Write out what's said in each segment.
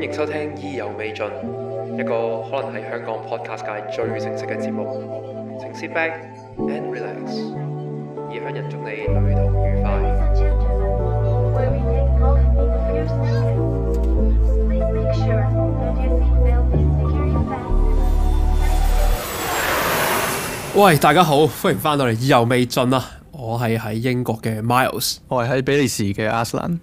歡迎收聽《意猶未盡》，一個可能喺香港 Podcast 界最正式嘅節目。請 Sit Back and Relax，異鄉人祝你旅途愉快。喂，大家好，歡迎翻到嚟《意猶未盡》啊！我係喺英國嘅 Miles，我係喺比利時嘅 Aslan，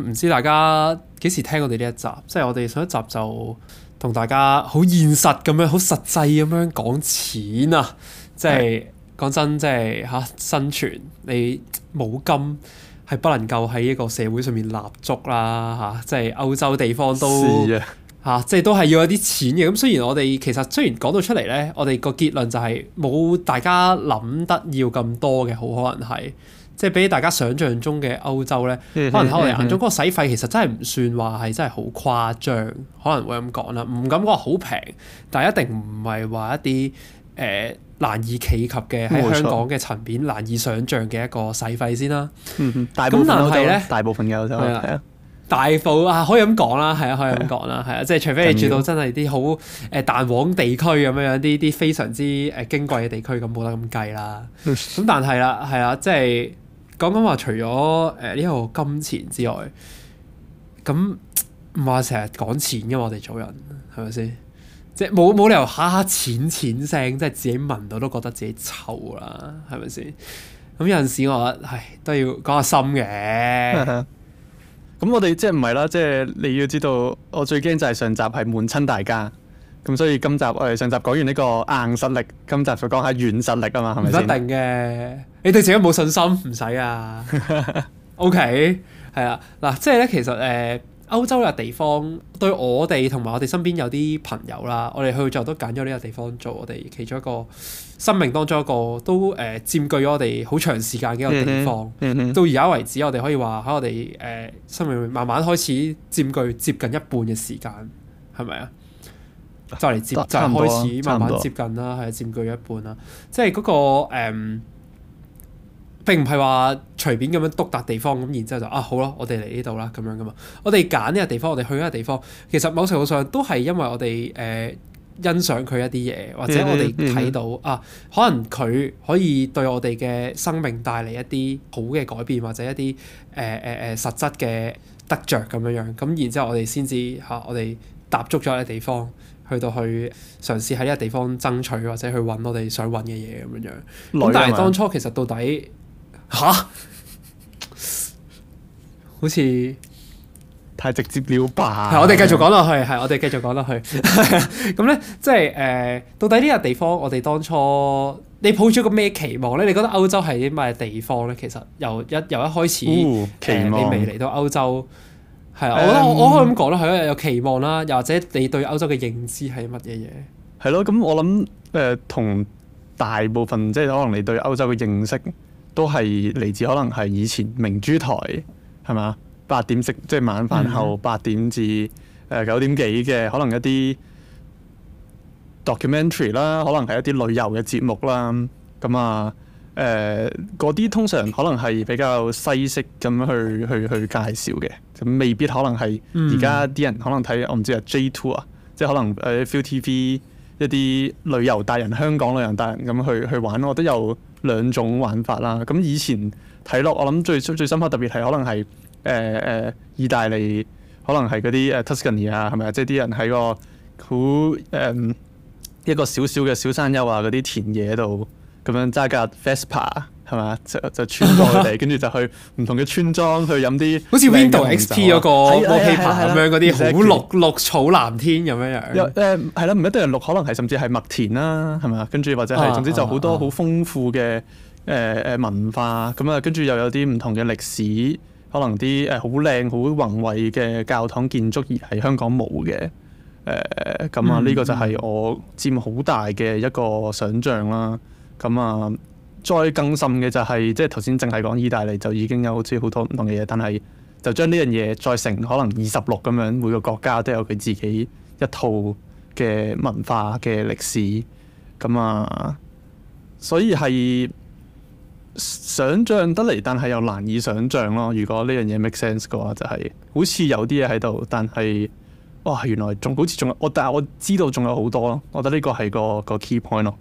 唔知大家，幾時聽我哋呢一集？即係我哋上一集就同大家好現實咁樣、好實際咁樣講錢啊！即係講是真，即係嚇生存，你冇金係不能夠喺一個社會上面立足啦！嚇、啊，即係歐洲地方都嚇的、啊，即係都係要有啲錢嘅。咁雖然我哋其實雖然講到出嚟咧，我哋個結論就係、是、冇大家諗得要咁多嘅，好可能係。即係比大家想象中嘅歐洲咧，可能喺我哋眼中嗰個洗費其實真係唔算話係真係好誇張，可能會咁講啦。唔敢講好平，但係一定唔係話一啲誒、呃、難以企及嘅喺香港嘅層面難以想像嘅一個使費先啦。大部分有，大部分嘅歐洲係啊，大部啊可以咁講啦，係啊可以咁講啦，係啊的，即係的除非你住到真係啲好誒彈簧地區咁樣樣，啲啲年非常之誒矜、呃、貴嘅地區咁冇得咁計啦。咁 但係啦，係啊，即係。講緊話除咗誒呢個金錢之外，咁唔係成日講錢噶嘛、啊？我哋做人係咪先？即係冇冇理由下下錢錢聲，即係自己聞到都覺得自己臭啦，係咪先？咁有陣時我覺得，唉，都要講下心嘅。咁 我哋即係唔係啦，即係你要知道，我最驚就係上集係悶親大家。咁所以今集我哋上集講完呢個硬實力，今集就講下軟實力啊嘛，係咪？唔一定嘅，你對自己冇信心，唔使啊。 OK，係啊，嗱，即係咧，其實誒，歐洲嘅地方對我哋同埋我哋身邊有啲朋友啦，我哋去就都揀咗呢個地方做我哋其中一個生命當中一個都誒佔據咗我哋好長時間嘅一個地方。 到而家為止，我哋可以話喺我哋誒生命慢慢開始佔據接近一半嘅時間，係咪啊？就嚟接就開始，慢慢接近啦，係佔據一半啦。即係嗰、嗰個誒、呃，並唔係話隨便咁樣篤笪地方咁，然之後就啊好咯，我哋嚟呢度啦咁樣噶嘛。我哋揀呢個地方，我哋去呢個地方，其實某程度上都係因為我哋誒、呃、欣賞佢一啲嘢，或者我哋睇到 yeah, yeah, yeah. 啊，可能佢可以對我哋嘅生命帶嚟一啲好嘅改變，或者一啲誒誒誒實質嘅得着。咁樣樣。咁然之後我哋先至嚇，我哋踏足咗呢個地方。去到去嘗試喺呢個地方爭取或者去揾我哋想揾嘅嘢咁樣樣。但係當初其實到底吓，好似太直接了吧？係我哋繼續講落去，係我哋繼續講落去。咁咧 即係誒、呃，到底呢個地方我哋當初你抱住個咩期望咧？你覺得歐洲係啲咩地方咧？其實由一由一開始，期、哦、望、呃、你未嚟到歐洲，係啊，我我、嗯、我可以咁講啦，係啊，有期望啦，又或者你對歐洲嘅認知係乜嘢嘢？係咯，咁我諗誒同大部分即係可能你對歐洲嘅認識都係嚟自可能係以前明珠台係嘛，八點食即係晚飯後八、嗯、點至誒九、呃、點幾嘅可能一啲 documentary 啦，可能係一啲旅遊嘅節目啦，咁、嗯、啊～、嗯誒嗰啲通常可能係比較西式咁樣去去去介紹嘅，咁未必可能係而家啲人可能睇、嗯、我唔知啊 J2 啊，J、our，即係可能誒 f e e l TV 一啲旅遊達人、香港旅遊達人咁去去玩，我覺得有兩種玩法啦。咁以前睇落，我諗最最深刻特別係可能係誒誒意大利，可能係嗰啲誒、呃、Tuscany 啊，係咪啊？即係啲人喺個好誒、呃、一個小小嘅小山丘啊，嗰啲田野度。咁樣揸架 Vespa 係咪，就就穿佢哋，跟住 就去唔同嘅村莊去飲啲、啊，好似 Window XP、那、嗰個摩希帕咁樣嗰啲好綠綠草藍天咁樣樣。誒係啦，唔一定係綠，可能係甚至係麥田啦，係咪？跟住或者係，總之就好多好豐富嘅誒誒文化，咁啊，跟住又有啲唔同嘅歷史，可能啲誒好靚好宏偉嘅教堂建築而係香港冇嘅。誒、呃、咁啊，呢個就係我佔好大嘅一個想像啦。咁啊，再更深嘅就係、是、即係頭先，淨係講意大利就已經有好似好多唔同嘅嘢，但係就將呢樣嘢再成可能二十六咁樣，每個國家都有佢自己一套嘅文化嘅歷史。咁啊，所以係想象得嚟，但係又難以想象咯。如果呢樣嘢 make sense 嘅話、就是，就係好似有啲嘢喺度，但係哇，原來仲好似仲有我，但係我知道仲有好多咯。我覺得呢個係個個 key point 咯。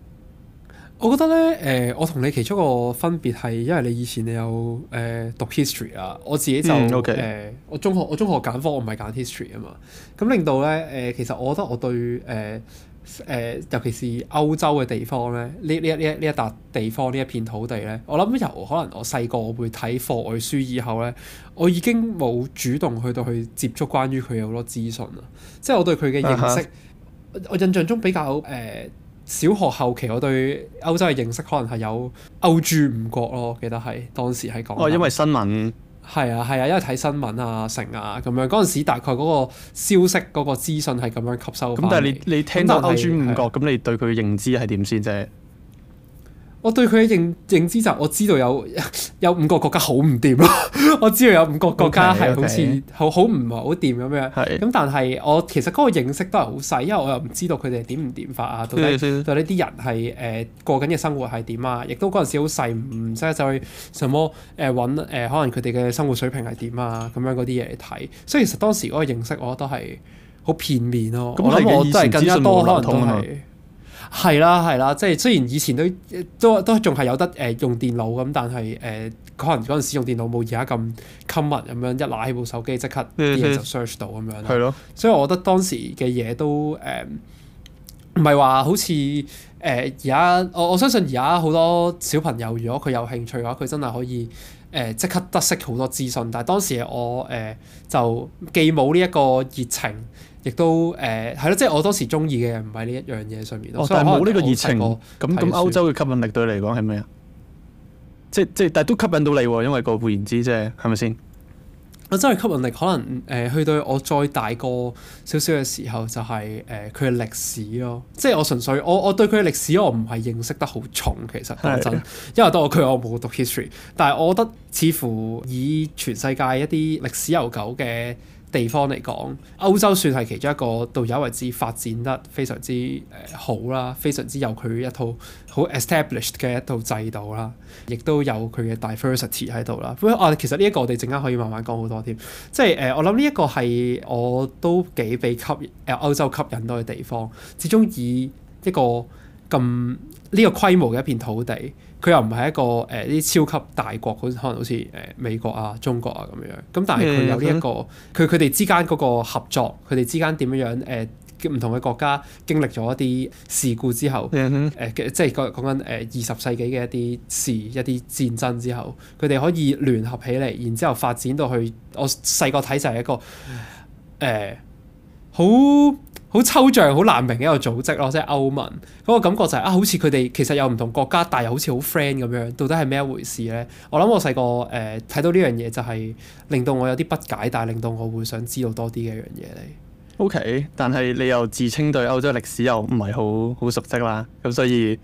我覺得咧，誒、呃，我同你其中一個分別係，因為你以前你有誒、呃、讀 history 啊，我自己就誒、嗯 okay. 呃，我中學我中學揀科我唔係揀 history 啊嘛，咁令到咧誒、呃，其實我覺得我對誒誒、呃呃，尤其是歐洲嘅地方咧，呢呢一呢一呢一笪地方呢一片土地咧，我諗由可能我細個我會睇課外書以後咧，我已經冇主動去到去接觸關於佢有好多資訊啊，即係我對佢嘅認識，uh huh. 我印象中比較誒。呃小學後期我對歐洲嘅認識可能係有歐豬五國咯，記得係當時係講。哦，因為新聞係啊係啊，因為睇新聞啊成啊咁樣，嗰陣時大概嗰個消息嗰個資訊係咁樣吸收翻。咁但係你你聽到係歐豬五國，咁是你對佢嘅認知係點先啫？我對佢嘅認認知就係我知道有有五個國家好唔掂咯， 我知道有五個國家係好似好好唔好掂咁樣。咁 Okay, okay. 但係我其實嗰個認識都係好細，因為我又唔知道佢哋點唔掂法啊，的到底，的到底呢啲人係誒、呃、過緊嘅生活係點啊，亦都嗰陣時好細，唔即係走去什麼誒搵誒可能佢哋嘅生活水平係點啊，咁樣嗰啲嘢嚟睇。所以其實當時嗰個認識，我覺得係好片面咯。咁、嗯、我都係更加多可能都係。嗯嗯嗯嗯嗯係啦，係啦，即係雖然以前都都都仲係有得誒、呃、用電腦咁，但係誒、呃、可能嗰陣時用電腦冇而家咁 common。咁樣一拿起部手機即刻啲嘢就 search 到咁樣。係咯的，所以我覺得當時嘅嘢都誒唔係話好似誒而家我我相信而家好多小朋友，如果佢有興趣嘅話，佢真係可以誒即刻得識好多資訊。但係當時我誒、呃、就既冇呢一個熱情。亦都誒係咯，即係我當時中意嘅唔係呢一樣嘢上面咯、哦。但係冇呢個熱情，咁咁歐洲嘅吸引力對你嚟講係咩啊？即即係但係都吸引到你喎，因為個換言之即係係咪先？我真係吸引力可能誒、呃，去到我再大個少少嘅時候，就係誒佢嘅歷史咯。即係我純粹我我對佢嘅歷史，我唔係認識得好重其實講真，的因為當我佢我冇讀 history，但係我覺得似乎以全世界一啲歷史悠久嘅。地方嚟講，歐洲算係其中一個到而家為止發展得非常之誒、呃、好啦，非常之有佢一套好 established 嘅一套制度啦，亦都有佢嘅 diversity 喺度啦。咁啊，其實呢一個我哋陣間可以慢慢講好多添，即係誒、呃，我諗呢一個係我都幾被吸誒、呃、歐洲吸引到嘅地方，始終以一個咁呢個規模嘅一片土地。佢又唔係一個誒啲、呃、超級大國，好可能好似誒、呃、美國啊、中國啊咁樣。咁但係佢有呢、這、一個，佢佢哋之間嗰個合作，佢哋之間點樣樣誒？唔、呃、同嘅國家經歷咗一啲事故之後，誒、嗯哼呃、即係講講緊二十世紀嘅一啲事，一啲戰爭之後，佢哋可以聯合起嚟，然之後發展到去。我細個睇就係一個誒好。呃好抽象、好難明嘅一個組織咯，即係歐盟嗰、那個感覺就係、是、啊，好似佢哋其實有唔同國家，但係又好似好 friend 咁樣，到底係咩一回事咧？我諗我細、呃、個誒睇到呢樣嘢就係令到我有啲不解，但係令到我會想知道多啲嘅一樣嘢嚟。O、okay, K，但係你又自稱對歐洲歷史又唔係好好熟悉啦，咁所以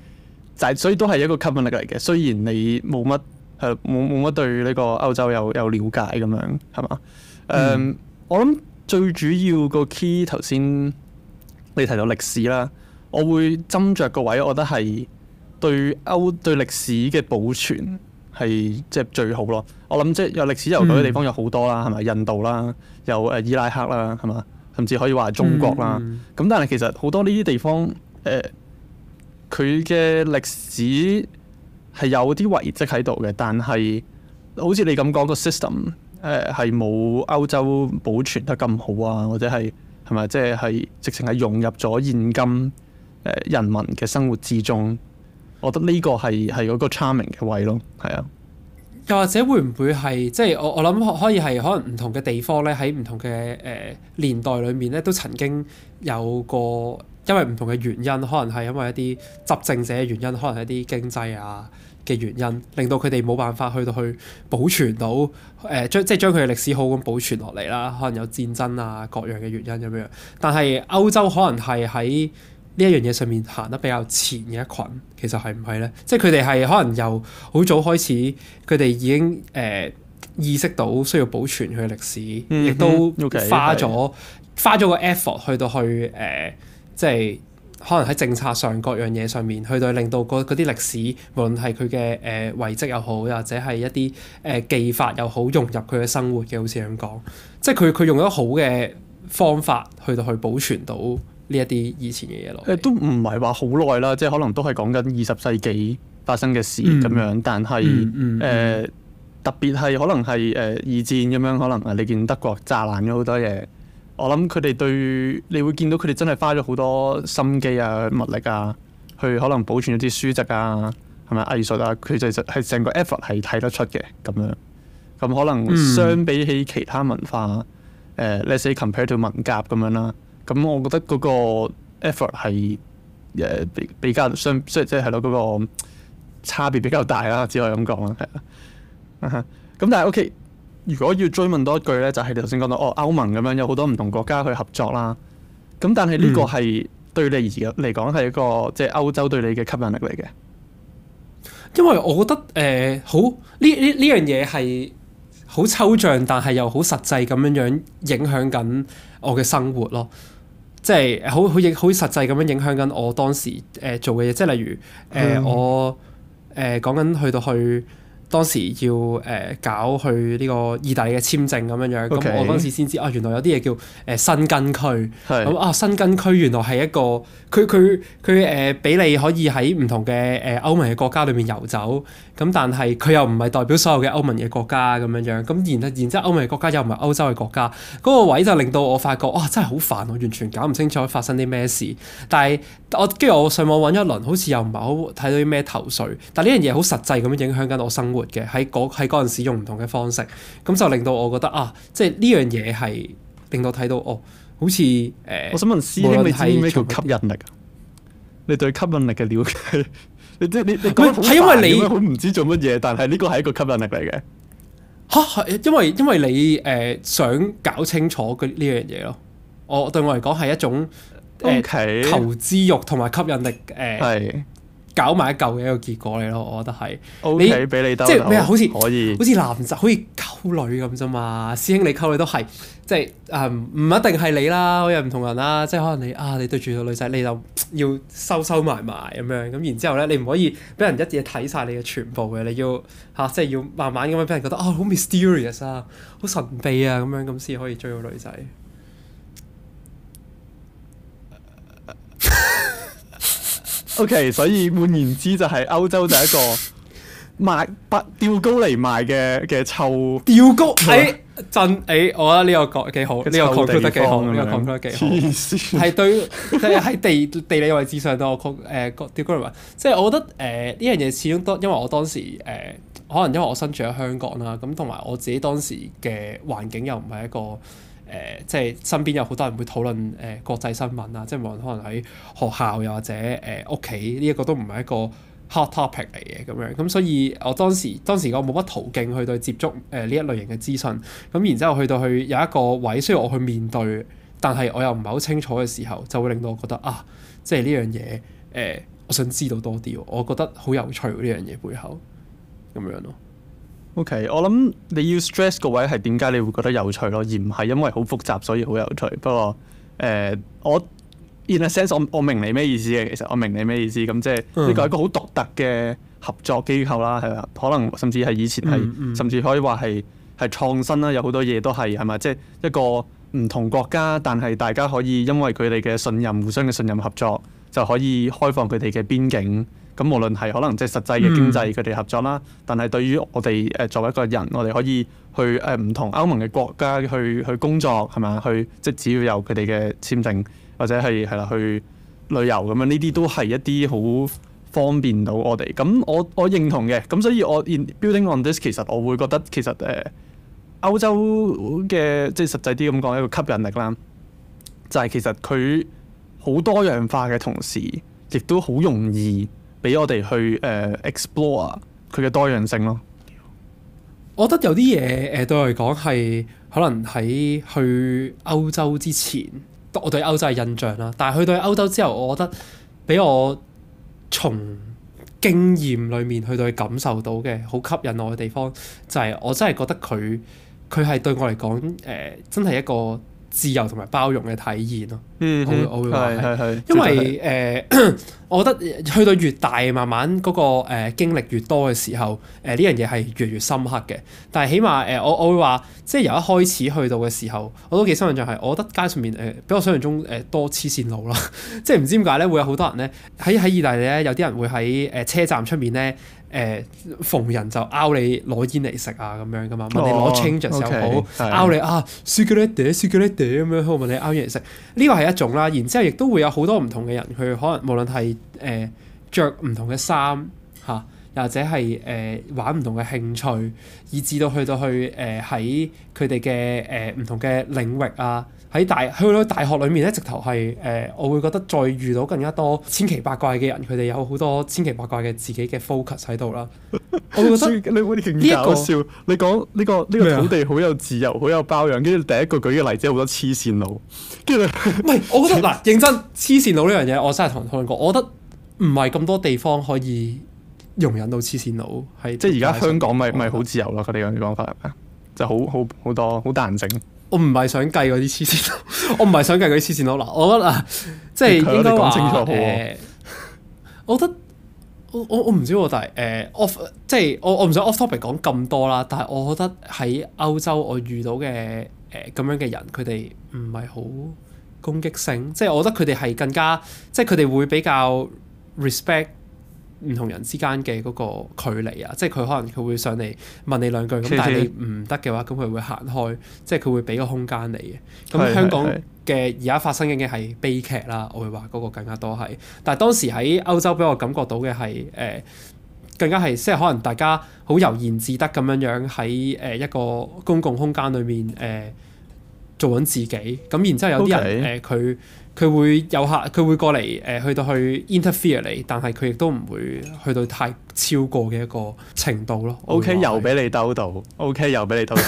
就係、是、所以都係一個吸引力嚟嘅。雖然你冇乜誒冇冇乜對呢個歐洲有有了解咁樣係嘛？誒，um, 嗯、我諗最主要個 key 頭先。你提到歷史啦，我會斟酌個位，我覺得係對歐對歷史嘅保存係即係最好咯。我諗即係有歷史悠久嘅地方有好多啦，係咪、嗯、印度啦，有誒伊拉克啦，係嘛，甚至可以話係中國啦。咁、嗯、但係其實好多呢啲地方誒，佢、呃、嘅歷史係有啲遺跡喺度嘅，但係好似你咁講個 system 誒、呃，係冇歐洲保存得咁好啊，或者係。係咪？即係係直情係融入咗現今誒人民嘅生活之中，我覺得呢個係係嗰個 charming 嘅位咯，係啊。又或者會唔會係即係我我諗可以係可能唔同嘅地方咧，喺唔同嘅誒年代裏面咧，都曾經有過，因為唔同嘅原因，可能係因為一啲執政者嘅原因，可能係一啲經濟啊。嘅原因，令到佢哋冇辦法去到去保存到誒將、呃、即係將佢嘅歷史好咁保存落嚟啦。可能有戰爭啊，各樣嘅原因咁樣。但係歐洲可能係喺呢一樣嘢上面行得比較前嘅一群，其實係唔係咧？即係佢哋係可能由好早開始，佢哋已經誒、呃、意識到需要保存佢嘅歷史，亦、嗯、哼都花咗 okay, 花咗個 effort 去到去誒、呃，即係。可能喺政策上各樣嘢上面，去到令到嗰啲歷史，無論係佢嘅誒遺跡又好，或者係一啲誒技法又好，融入佢嘅生活嘅，好似咁講，即係佢佢用咗好嘅方法去到去保存到呢一啲以前嘅嘢囉。誒都唔係話好耐啦，即係可能都係講緊二十世紀發生嘅事咁、嗯、樣，但係誒、嗯嗯嗯呃、特別係可能係誒二戰咁樣，可能你見德國炸爛咗好多嘢。我諗佢哋對你會見到佢哋真係花咗好多心機啊、物力啊，去可能保存咗啲書籍啊、係咪藝術啊，佢就係係成個 effort 係睇得出嘅咁樣。咁可能相比起其他文化，誒、嗯呃、let's say compare to 文革咁樣啦。咁我覺得嗰個 effort 係誒比比較相即即係咯嗰個差別比較大啦，只可以咁講啦，係咁、嗯、但係 OK。如果要追問多一句咧，就係你頭先講到哦，歐盟咁樣有好多唔同國家去合作啦。咁但係呢個係對你而嚟講係一個即係歐洲對你嘅吸引力嚟嘅。因為我覺得誒、呃、好呢呢呢樣嘢係好抽象，但係又好實際咁樣樣影響緊我嘅生活咯。即係好好好實際咁樣影響緊我當時誒、呃、做嘅嘢，即係例如誒、呃嗯、我誒講緊去到去。當時要誒、呃、搞去呢個意大利嘅簽證咁樣樣，咁 Okay. 我當時先知啊，原來有啲嘢叫誒申、呃、根區，咁是啊申根區原來係一個佢佢佢誒俾你可以喺唔同嘅誒、呃、歐盟嘅國家裏面遊走，咁但係佢又唔係代表所有嘅歐盟嘅國家咁樣樣，咁然然之後歐盟嘅國家又唔係歐洲嘅國家，嗰、那個位就令到我發覺哇、啊、真係好煩，我完全搞唔清楚發生啲咩事，但係我跟住我上網揾咗一輪，好似又唔係好睇到啲咩頭緒，但呢樣嘢好實際咁樣影響緊我生活嘅喺嗰喺嗰陣時用唔同嘅方式，咁就令到我覺得啊，即係呢樣嘢係令到睇到哦，好似誒，呃、我想問師兄，你知咩叫吸引力？你對吸引力嘅了解， 你即係你你係因為你好唔知做乜嘢，但係呢個係一個吸引力嚟嘅。吓，係因為因為你誒想搞清楚佢呢樣嘢咯。我對我嚟講係一種誒 Okay. 求知欲同埋吸引力誒。呃搞埋一嚿嘅一個結果嚟咯，我覺得係，O K，俾你得，即係咩啊？好似好似男仔，好似溝女咁啫嘛。師兄你溝女都係，即係誒唔一定係你啦，可以唔同人啦。即係可能你啊，你對住個女仔，你就要收收埋埋咁樣，咁然之後咧，你唔可以俾人一嘢睇晒你嘅全部嘅，你要嚇，即係要慢慢咁樣俾人覺得啊，好 mysterious 啊，好神秘啊咁樣，咁先可以追到女仔。O.K. 所以換言之就係歐洲就一個賣不吊高嚟賣嘅嘅臭吊高喺陣誒，我覺得呢個講幾好，呢地個講得幾好，呢個講得幾好，係對，係喺 地地理位置上對我曲誒、呃、吊高嚟話，即係我覺得誒呢樣嘢始終都，因為我當時誒、呃、可能因為我身處喺香港啦，咁同埋我自己當時嘅環境又唔係一個。誒、呃，即係身邊有好多人會討論誒、呃、國際新聞啊，即係無論可能喺學校又或者誒屋企，呢、呃這個、一個都唔係一個 hot topic 嚟嘅咁樣。咁、嗯、所以我當時當時我冇乜途徑去到接觸誒呢、呃、一類型嘅資訊。咁、嗯、然之後去到去有一個位需要我去面對，但係我又唔係好清楚嘅時候，就會令到我覺得啊，即係呢樣嘢誒，我想知道多啲喎。我覺得好有趣喎，呢樣嘢背後咁樣咯。O.K. 我諗你要 stress 個位係點解你會覺得有趣咯，而唔係因為好複雜所以好有趣。不過誒、呃，我 in a sense 我我明你咩意思嘅，其實我明你咩意思。咁即係呢個係一個好獨特嘅合作機構啦，係嘛？嗯、可能甚至係以前係，嗯嗯甚至可以話係係創新啦。有好多嘢都係係咪？即係、就是、一個唔同國家，但係大家可以因為佢哋嘅信任，互相嘅信任合作，就可以開放佢哋嘅邊境。咁無論係可能即係實際嘅經濟佢哋合作啦，嗯、但係對於我哋誒、呃、作為一個人，我哋可以去誒唔、呃、同歐盟嘅國家去去工作係嘛？去即係只要有佢哋嘅簽證或者係係啦去旅遊咁樣，呢啲都係一啲好方便到我哋。咁我我認同嘅。咁所以我 in, Building on this 其實我會覺得其實誒、呃、歐洲嘅即係實際啲咁講一個吸引力啦，就係、是、其實佢好多樣化嘅同時，亦都好容易。俾我哋去誒 explore 佢嘅多樣性咯。我覺得有啲嘢誒對我嚟講係可能喺去歐洲之前，我對歐洲嘅印象啦。但係去到歐洲之後，我覺得俾我從經驗裡面去到去感受到嘅好吸引我嘅地方，就係、是、我真係覺得佢佢係對我嚟講誒真係一個。自由同埋包容嘅體現咯，嗯、哼我會我會話因為誒是、呃， 我覺得去到越大，慢慢嗰個誒經歷越多嘅時候，誒呢樣嘢係越嚟越深刻嘅。但係起碼誒、呃，我我會話，即係由一開始去到嘅時候，我都幾深印象係，我覺得街上面誒、呃，比我想象中誒、呃、多黐線路啦， 即係唔知點解咧，會有好多人咧喺喺意大利咧，有啲人會喺誒車站出面咧。誒、呃、逢人就拗你攞煙嚟食啊，咁樣噶嘛，問你攞 change 又好，拗你、uh, 啊雪糕咧嗲，雪糕咧嗲，咁樣去問你拗嘢嚟食，呢個係一種啦。然之後亦都會有好多唔同嘅人，去，可能無論係誒著唔同嘅衫嚇，或者係誒、呃、玩唔同嘅興趣，以至到去到去誒喺佢哋嘅誒唔同嘅領域啊。喺大去到大學裏面咧，直頭係誒，我會覺得再遇到更加多千奇百怪嘅人，佢哋有好多千奇百怪嘅自己嘅 focus 喺度啦。我覺得、呢個、 你你勁搞笑，你講呢、呢個呢、呢個土地好有自由，好有包容，跟住第一個舉嘅例子好多黐線佬，跟住唔係我覺得嗱， 認真黐線佬呢樣嘢，我真係同人討論過，我覺得唔係咁多地方可以容忍到黐線佬，係即係而家香港咪咪好自由咯，佢哋樣方法啊，就 好好好多好彈性。我唔係想計嗰啲黐線佬， 我唔係想計嗰啲黐線佬咯。嗱，我嗱即係應該楚誒，我覺得我覺得我我唔知喎，但係誒、呃、off，即係我我唔想 off topic 講咁多啦。但係我覺得喺歐洲我遇到嘅誒咁樣嘅人，佢哋唔係好攻擊性，即係我覺得佢哋係更加，即係佢哋會比較 respect。唔同人之間嘅嗰個距離啊，即係佢可能佢會上嚟問你兩句，咁 但係你唔得嘅話，咁佢會行開，即係佢會俾個空間你。咁 香港嘅而家發生緊嘅係悲劇啦，我會話嗰個更加多係。但係當時喺歐洲，俾我感覺到嘅係誒更加係，即係可能大家好悠然自得咁樣樣喺誒一個公共空間裏面誒、呃、做緊自己。咁然之後有啲人誒佢。Okay. 佢會有客，佢會過嚟誒，去到去 interfere 你，但係佢亦都唔會去到太超過嘅一個程度咯。O K. 又俾你兜到，O K. 又俾你兜到。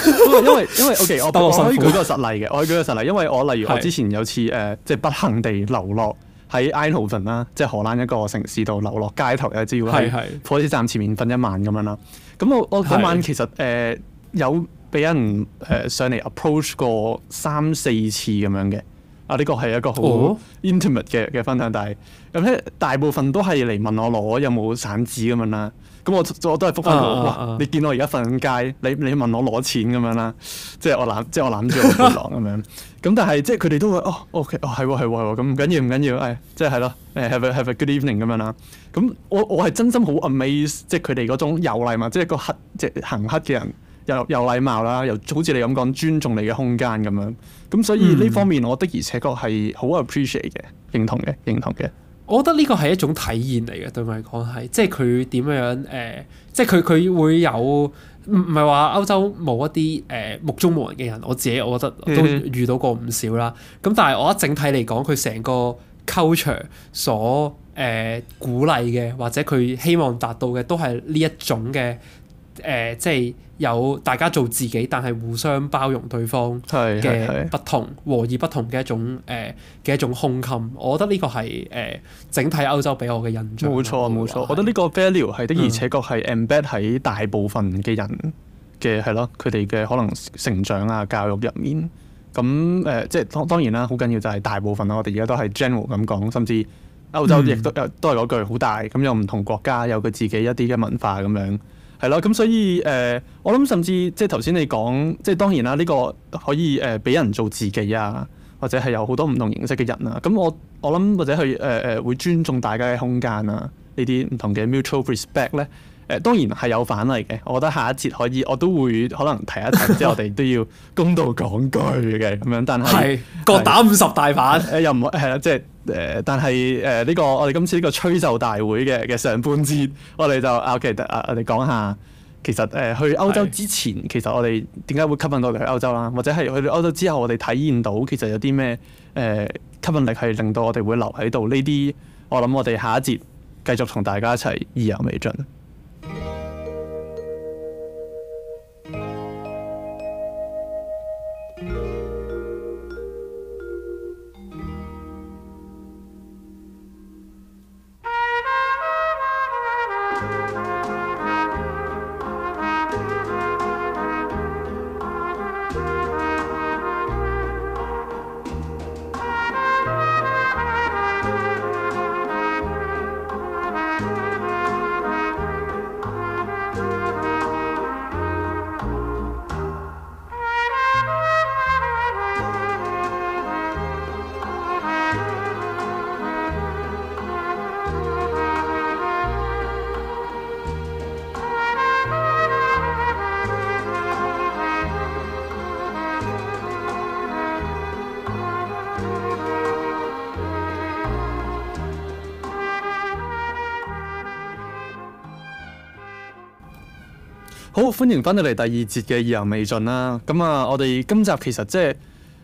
因為因為 O K. 我我可以舉個實例嘅，我可以舉個實例，因為我例如我之前有次誒，即係不幸地流落喺 Eindhoven 啦，即係荷蘭一個城市度流落街頭，有啲資料喺火車站前面瞓一晚咁樣啦。咁我我嗰晚其實誒有俾人誒上嚟 approach 過三四次咁樣嘅。啊！呢個係一個好 intimate 嘅嘅分享，oh? 但係咁咧大部分都係嚟問我攞有冇散紙咁樣啦。咁我我，我都係復翻佢話：你見我而家瞓街，你你問我攞錢咁樣啦。即係我攬，即係我攬住個背囊咁 樣。咁但係即係佢哋都會哦 okay, 哦係喎係喎，咁唔緊要唔緊要，誒、哎、即係係咯，誒 have a have a good evening 咁樣啦。咁我我係真心好 amaze，即係佢哋嗰種有禮貌嘛，即係個客即係行黑嘅人。又有禮貌啦，又好似你咁講尊重你嘅空間咁樣，咁所以呢方面，我的而且確係好 appreciate 嘅，認同嘅，認同嘅。我覺得呢個係一種體驗嚟嘅，對我嚟講係，即係佢點樣樣、呃、即係佢佢會有唔唔係話歐洲冇一啲誒、呃、目中無人嘅人，我自己我覺得都遇到過唔少啦。咁 但係我覺得整體嚟講，佢成個 culture 所誒、呃、鼓勵嘅，或者佢希望達到嘅，都係呢一種嘅。誒、呃，即係有大家做自己，但係互相包容對方嘅不同，和而不同嘅一種誒嘅、呃、一種胸襟。我覺得呢個係誒、呃、整體歐洲俾我嘅印象。冇錯，冇錯。我覺得呢個 value 係的而且確係 embed 喺大部分嘅人嘅係咯，佢哋嘅可能成長啊、教育入面。咁誒、呃，即係當當然啦，好緊要就係大部分啦。我哋而家都係 general 咁講，甚至歐洲亦都都都係嗰句好、嗯、大咁，有唔同國家有佢自己一啲嘅文化咁樣。係咯，咁所以誒、呃，我諗甚至即係頭先你講，即係當然啦，呢、這個可以誒俾、呃、人做自己啊，或者係有好多唔同形式嘅人啊。咁我我諗或者去誒誒會尊重大家嘅空間啊，呢啲唔同嘅 mutual respect 咧、呃，誒當然係有反例嘅。我覺得下一節可以我都會可能提一提， 即係我哋都要公道講句嘅咁樣，但係係 是是各打五十大板的，誒 又唔係係啦，即係。誒、呃，但係誒呢個我哋今次呢個吹奏大會嘅嘅上半節，我哋就啊，okay，得啊，其實啊，我哋講下其實誒去歐洲之前，是其實我哋點解會吸引到我哋去歐洲啦？或者係去到歐洲之後，我哋體驗到其實有啲咩誒吸引力係令到我哋會留喺度呢啲？我諗我哋下一節繼續同大家一齊意猶未盡。好，歡迎翻到嚟第二節嘅意猶未盡啦、啊。咁啊，我哋今集其實即係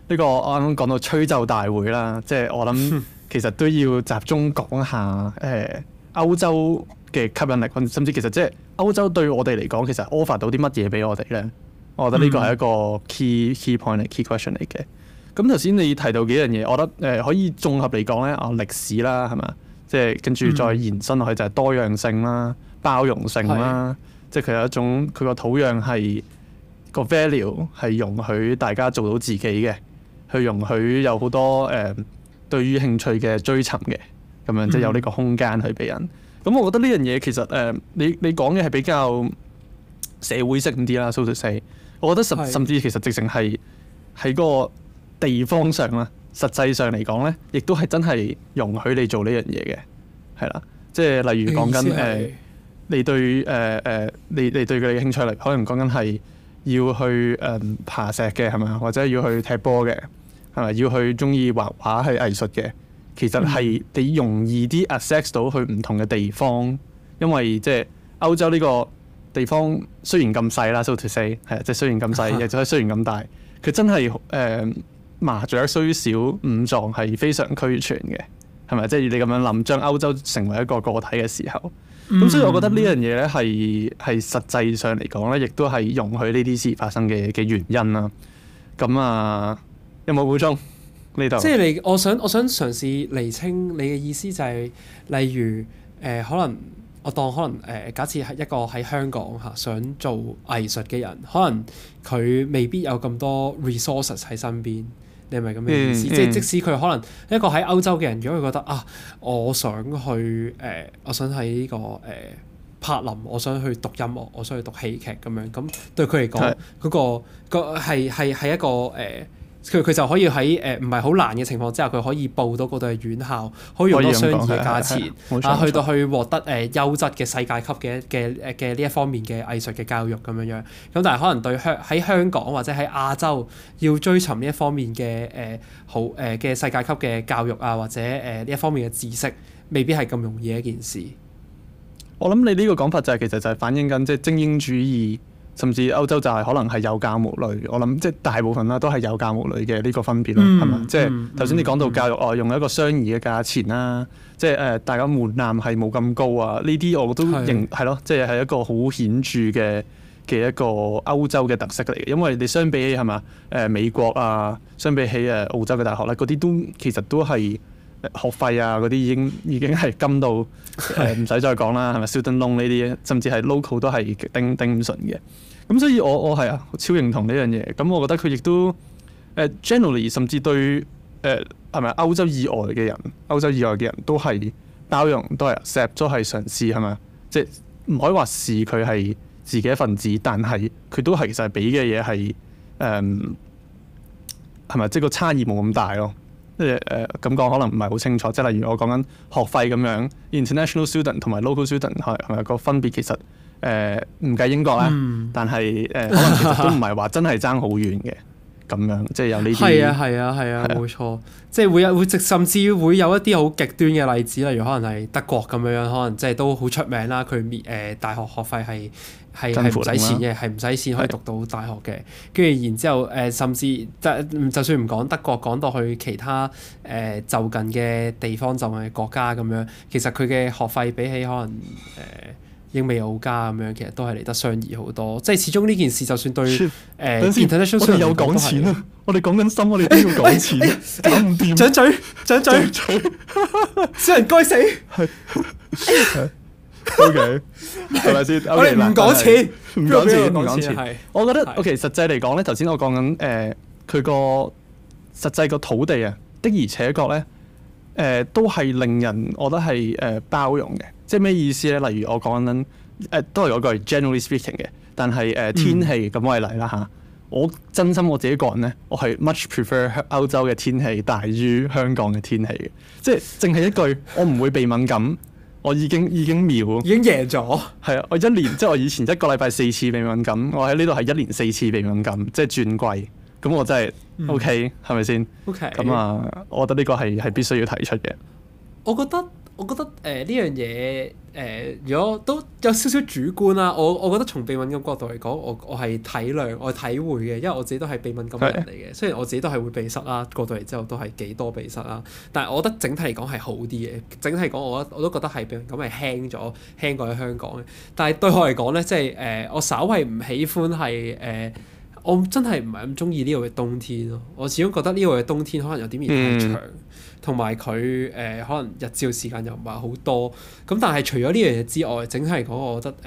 呢個我啱啱講到吹奏大會啦，即係我諗其實都要集中講下誒歐 洲嘅吸引力，甚至其實即係歐洲對我哋嚟講，其實 offer 到啲乜嘢俾我哋咧？我覺得呢個係一個 key、mm. key point key question 嚟嘅。咁頭先你提到幾樣嘢，我覺得誒可以綜合嚟講咧，啊歷史啦，係嘛，即係跟住再延伸落去就係多樣性啦、包容性啦。Mm. 即係佢有一種佢個土壤係個 value 係容許大家做到自己嘅，去容許有好多誒、uh, 對於興趣嘅追尋嘅，咁樣即係有呢個空間去俾人。咁、嗯嗯、我覺得呢樣嘢其實誒、uh，你你講嘅係比較社會性啲啦，蘇小四，我覺得甚是甚至其實直情係喺個地方上啦，實際上嚟講咧，亦都係真係容許你做呢樣嘢嘅，係啦。即係例如講緊誒。你對誒誒、呃，你你對佢嘅興趣嚟，可能講緊係要去誒、嗯、爬石嘅係咪啊？或者要去踢波嘅係咪？要去中意畫畫去藝術嘅，其實係你容易啲 access 到去唔同嘅地方，因為即係歐洲呢個地方雖然咁細啦，so to say 係啊，即係雖然咁細，亦都係雖然咁大，佢真係誒、呃、麻雀雖小，五臟係非常俱全嘅，係咪？即係你咁樣諗，將歐洲成為一個個體嘅時候。咁、嗯、所以，我覺得呢樣嘢咧，係係實際上嚟講咧，亦都係容許呢啲事發生嘅嘅原因啦。咁啊，有冇補充呢度？即係你，我想我想嘗試釐清你嘅意思就係、是、例如誒、呃、可能我當可能誒、呃、假設係一個喺香港吓想做藝術嘅人，可能佢未必有咁多 resources 喺身邊。你係咪咁嘅意思？Mm hmm. 即係即使佢可能一個喺歐洲嘅人，如果佢覺得啊，我想去誒、呃，我想喺呢、這個誒、呃、柏林，我想去讀音樂，我想去讀戲劇，咁樣，咁對佢嚟講，mm hmm. 嗰個個個係，係，係一個，誒、呃。佢佢就可以喺，誒，唔係好難嘅情況之下，佢可以報到嗰度嘅院校，可以用到相宜嘅價錢嚇，去到去獲得誒優質嘅世界級嘅嘅誒嘅呢一方面嘅藝術嘅教育咁樣樣。咁但係可能對香喺香港或者喺亞洲要追尋呢一方面嘅誒好誒嘅世界級嘅教育啊，或者誒呢一方面嘅知識，未必係咁容易一件事。我諗你呢個講法就係、是、其實就係反映緊即係精英主義。甚至歐洲就係可能係有教無類，我諗即係大部分啦，都係有教無類嘅呢個分別啦，係嘛、嗯？吧即係頭先你講到教育、嗯、哦，用一個相宜嘅價錢啦、啊，嗯嗯、即係誒、呃、大家門檻係冇咁高啊，呢啲我都認係咯是，即係係一個好顯著嘅嘅一個歐洲嘅特色嚟，嘅，因為你相比起係嘛誒美國啊，相比起誒、呃、澳洲嘅大學啦，嗰啲都其實都係。學費啊，嗰啲已經已經係金到誒，唔使、 呃、再講啦，係咪？燒燈籠呢啲，甚至係 local 都係頂頂唔順嘅。咁所以我，我我係啊，超認同呢樣嘢。咁我覺得佢亦都誒、呃、generally 甚至對誒係咪歐洲以外嘅人，歐洲以外嘅人都係包容，都係 set 咗係嘗試係咪？即係唔可以話是佢係自己一份子，但係佢都係其實俾嘅嘢係誒係咪？即、呃、係、就是、個差異冇咁大咯。即係誒咁講可能唔係好清楚。即係例如我講緊學費咁樣，international student 同埋 local student 係係咪個分別其實誒唔計英國啦，嗯、但係誒、呃、可能其實都唔係話真係爭好遠嘅。咁樣即係有呢啲係啊係啊係啊冇、啊、錯，即係會有會甚至於會有一啲好極端嘅例子，例如可能係德國咁樣樣，可能即係都好出名啦。佢免誒大學學費係係係唔使錢嘅，係唔使錢可以讀到大學嘅。跟住的然之後誒、呃，甚至德就，就算唔講德國，講到去其他誒、呃、就近嘅地方就近嘅國家咁樣，其實佢嘅學費比起可能誒。呃仍未有家咁樣，其實都係嚟得相宜好多。即係始終呢件事，就算對誒，等先睇得出。我哋又講錢啦，我哋講緊心，我哋都要講錢，講唔掂。掌嘴，掌嘴，嘴。小人該死。係。O K，係咪先？我哋唔講錢，唔講錢，唔講錢。係。我覺得 O K，實際嚟講咧，頭先我講緊誒，佢個實際個土地啊，的而且確咧，誒都係令人，我覺得係誒包容嘅。即係咩意思咧？例如我講緊誒，uh, 都係嗰句 Generally speaking 嘅。但係誒，天氣咁我嚟啦吓，我真心我自己個人咧，我係 much prefer 歐洲嘅天氣大於香港嘅天氣嘅。即係淨係一句，我唔會鼻敏感，我已經已經妙，已經贏咗。 係啊，我一年即係、就是、我以前一個禮拜四次鼻敏感，我喺呢度係一年四次鼻敏感，即係轉季。咁我真係 OK，係咪先？OK。咁啊，我覺得呢個係係必須要提出嘅。我覺得。我覺得誒呢、呃、樣嘢誒、呃，如果都有少少主觀啦，我我覺得從鼻敏感角度嚟講，我我係體諒我係體會嘅，因為我自己都係鼻敏感人嚟嘅，的雖然我自己都係會鼻塞啦，過到嚟之後都係幾多鼻塞啦，但係我覺得整體嚟講係好啲嘅，整體講我我都覺得係鼻敏感係輕咗，輕過喺香港嘅。但係對我嚟講咧，即係誒我稍為唔喜歡係誒、呃，我真係唔係咁中意呢個嘅冬天咯。我始終覺得呢個嘅冬天可能有啲而太長。嗯同埋佢誒可能日照時間又唔係好多，咁但係除咗呢樣嘢之外，整體嚟講，我覺得誒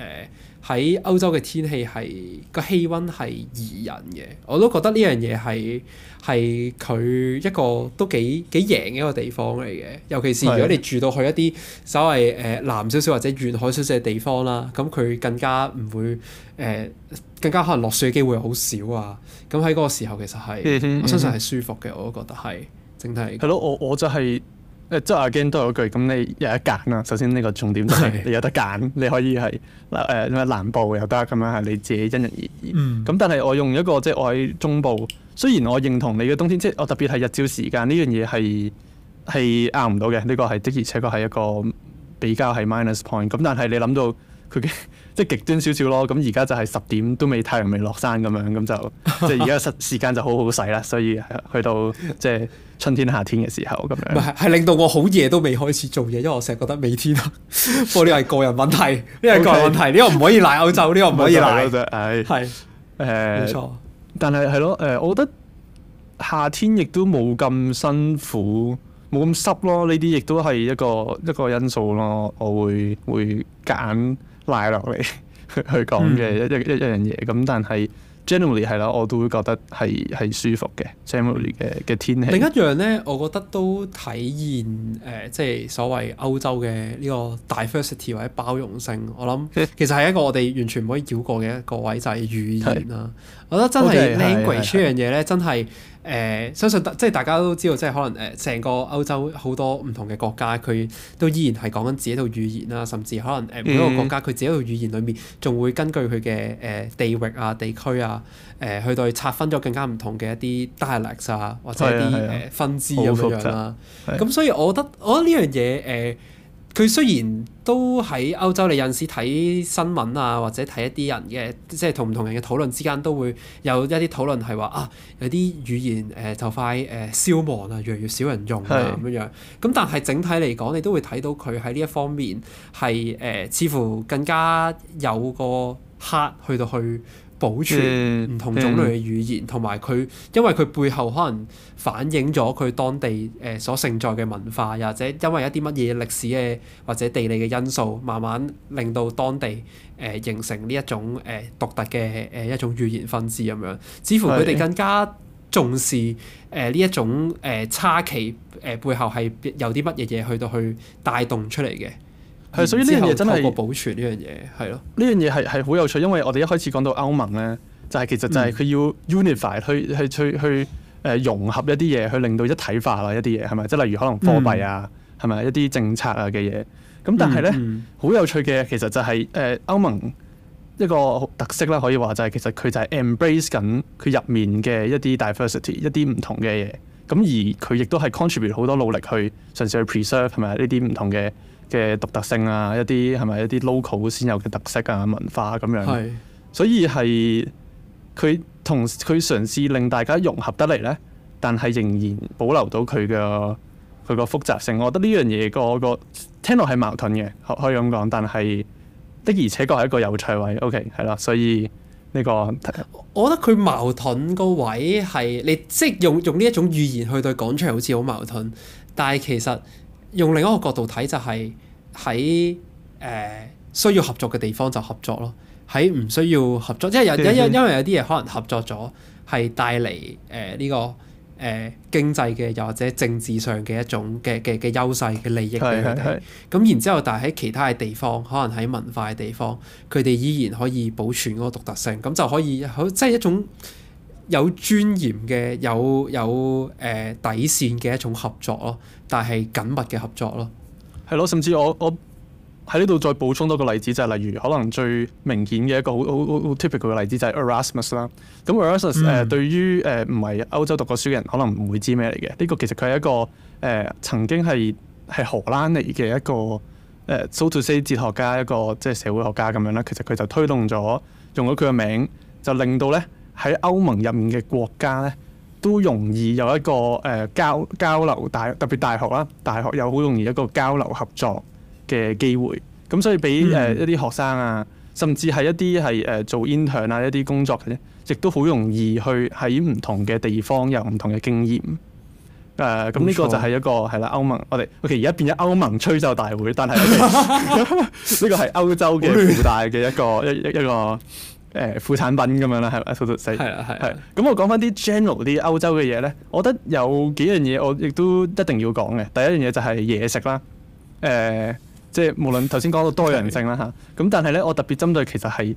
喺、呃、歐洲嘅天氣係個氣温係宜人嘅，我都覺得呢樣嘢係係佢一個都幾幾贏嘅一個地方嚟嘅。尤其是如果你住到去一啲所謂誒南少少或者沿海少少嘅地方啦，咁佢更加唔會誒、呃、更加可能落雪嘅機會好少啊。咁喺嗰個時候其實係、嗯、我相信係舒服嘅，我都覺得係。整體係係咯，我我就係即係阿 Gem 都有句，咁你有一揀啦。首先呢個重點就係你有得揀，是你可以係誒咩南部又得咁樣，係你自己因人而異。咁、嗯嗯、但係我用一個即係我喺中部，雖然我認同你嘅冬天，即係我特別係日照時間呢樣嘢係係拗唔到嘅，呢、這個係的而且確係一個比較係 minus point。咁但係你諗到。佢嘅即係極端少少咯，咁而家就係十點都未，太陽未落山咁樣，咁就即係而家時時間就好好使啦。所以去到即係春天、夏天嘅時候咁樣，係令到我好夜都未開始做嘢，因為我成日覺得未天啊。不過呢個係個人問題，呢個 Okay. 係個人問題，呢個唔可以賴歐洲，呢個唔可以賴歐洲。唉， 係誒，呃，冇錯。但係係咯，誒、呃，我覺得夏天亦都冇咁辛苦，冇咁濕咯。呢啲亦都係一個一個因素咯。我會會揀。賴落嚟去講嘅一一、嗯、一樣嘢，咁但係 generally 係啦，我都會覺得係係舒服嘅。generally 嘅嘅天氣。另一樣咧，我覺得都體現誒、呃，即係所謂歐洲嘅呢個 diversity 或者包容性。我諗其實係一個我哋完全唔可以繞過嘅一個位就係、是、語言啦。是我覺得真係 language 呢樣嘢咧，真係。誒、呃、相信即係大家都知道，即係可能誒成個歐洲好多唔同嘅國家，佢都依然係講緊自己一套語言啦，甚至可能誒每一個國家佢自己套語言裏面，仲會根據佢嘅誒地域啊、地區啊，誒、呃、去到拆分咗更加唔同嘅一啲 dialect 啊，或者一啲分支咁樣啦。咁、啊啊啊、所以我覺得、啊、我覺得呢樣嘢誒。佢雖然都喺歐洲，你有時睇新聞啊，或者睇一啲人嘅，即係同唔同人嘅討論之間，都會有一啲討論係話啊，有啲語言誒、呃、就快誒、呃、消亡啦，越嚟越少人用啊咁是的 樣。咁但係整體嚟講，你都會睇到佢喺呢一方面係誒、呃，似乎更加有個黑去到去保存唔同種類嘅語言，同埋佢，嗯、因為佢背後可能反映咗佢當地誒所盛載嘅文化，又或者因為一啲乜嘢歷史嘅或者地理嘅因素，慢慢令到當地誒形成呢一種誒獨特嘅誒一種語言分支咁樣，似乎佢哋更加重視誒呢一種誒差異誒背後係有啲乜嘢嘢去到去帶動出嚟嘅。係，所以呢樣嘢真係透過保存呢樣嘢係咯。呢樣嘢係係好有趣，因為我哋一開始講到歐盟咧，就係、是、其實就係佢要 unify、嗯、去去去誒融合一啲嘢，去令到一體化啦，一啲嘢係咪？即係例如可能貨幣啊，係咪、嗯、一啲政策啊嘅嘢？咁但係咧好有趣嘅，其實就係、是、誒、呃、歐盟一個特色啦，可以話就係、是、其實佢就係 embrace 緊佢入面嘅一啲 diversity，一啲唔同嘅嘢。咁而佢亦都係 contribute 好多努力去嘗試去 preserve 係咪呢啲唔同嘅？嘅獨特性啊，一啲係咪一啲 local 先有嘅特色啊、文化啊，咁樣，是所以係佢同佢嘗試令大家融合得嚟呢，但係仍然保留到佢嘅佢個複雜性。我覺得呢樣嘢個個聽落係矛盾嘅，可以咁講，但係的而且確係一個有趣位。O K 係啦，所以呢個我覺得佢矛盾個位係你即係用用呢一種語言去對講出嚟，好似好矛盾，但係其實。用另一個角度睇就係喺誒需要合作嘅地方就合作咯，喺唔需要合作，對因為有因因因為有啲嘢可能合作咗係帶嚟誒呢個誒、呃、經濟嘅又或者政治上嘅一種嘅嘅嘅優勢嘅利益俾佢哋。咁然之後，但係喺其他嘅地方，可能喺文化嘅地方，佢哋依然可以保存嗰個獨特性，咁就可以好即係一種。有尊嚴嘅、有有誒、呃、底線嘅一種合作咯，但係緊密嘅合作咯。係咯，甚至我我喺呢度再補充多個例子，就係、是、例如可能最明顯嘅一個好好好 typical 嘅例子就係 Erasmus 啦。咁 Erasmus 誒、嗯呃、對於誒唔係歐洲讀過書嘅人，可能唔會知咩嚟嘅。呢、這個其實佢係一個誒、呃、曾經係係荷蘭嚟嘅一個誒、呃、so to say 哲學家，一個即係、就是、社會學家咁樣啦。其實佢就推動咗，用咗佢嘅名，就令到咧。喺歐盟入面嘅國家咧，都容易有一個誒交交流大特別大學啦，大學有好容易一個交流合作嘅機會。咁所以俾誒一啲學生啊，甚至係一啲係誒做 intern 啊一啲工作嘅，亦都好容易去喺唔同嘅地方有唔同嘅經驗。誒咁呢個就係一個係啦，歐盟我哋 OK 而家變咗歐盟吹奏大會，但係呢個係歐洲嘅附大嘅一個一一個。誒、呃、副產品咁樣啦，係啊，都都係係。咁我講翻啲 general 啲歐洲嘅嘢呢，我覺得有幾樣嘢我亦都一定要講嘅。第一樣嘢就係嘢食啦，誒、呃，即、就、係、是、無論頭先講到多樣性啦吓，咁的、嗯、但係呢，我特別針對其實係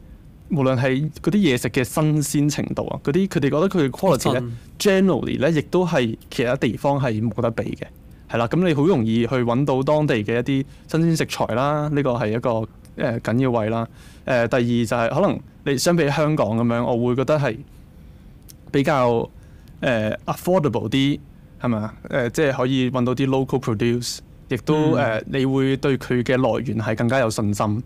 無論係嗰啲嘢食嘅新鮮程度啊，嗰啲佢哋覺得佢 quality 咧，generally 咧，亦都係其他地方係冇得比嘅，係啦。咁你好容易去揾到當地嘅一啲新鮮食材啦，呢、這個係一個。誒緊要位啦，誒、uh, 第二就係、是、可能你相比香港咁樣，我會覺得係比較誒、uh, affordable 啲係咪啊？誒、uh, 即係可以搵到啲 local produce，亦都誒、uh, 嗯、你會對佢嘅來源係更加有信心。呢、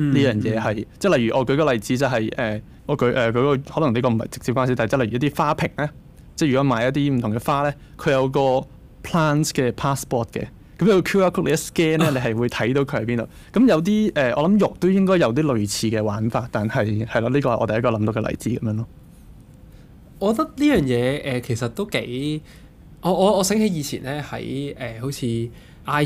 嗯、樣嘢係即係例如我舉個例子就係、是、誒、uh, 我舉誒嗰、uh, 個可能呢個唔係直接關事，但係即係例如一啲花瓶咧，即係如果買一啲唔同嘅花咧，佢有個 plants 嘅 passport 嘅。咁個 QR code 你一 scan 咧，你係會睇到佢喺邊度。咁有啲誒，我諗肉都應該有啲類似嘅玩法，但係係咯，呢個係我第一個諗到嘅例子咁樣咯。我覺得呢樣嘢誒，其實都幾我我我醒起以前咧喺誒好似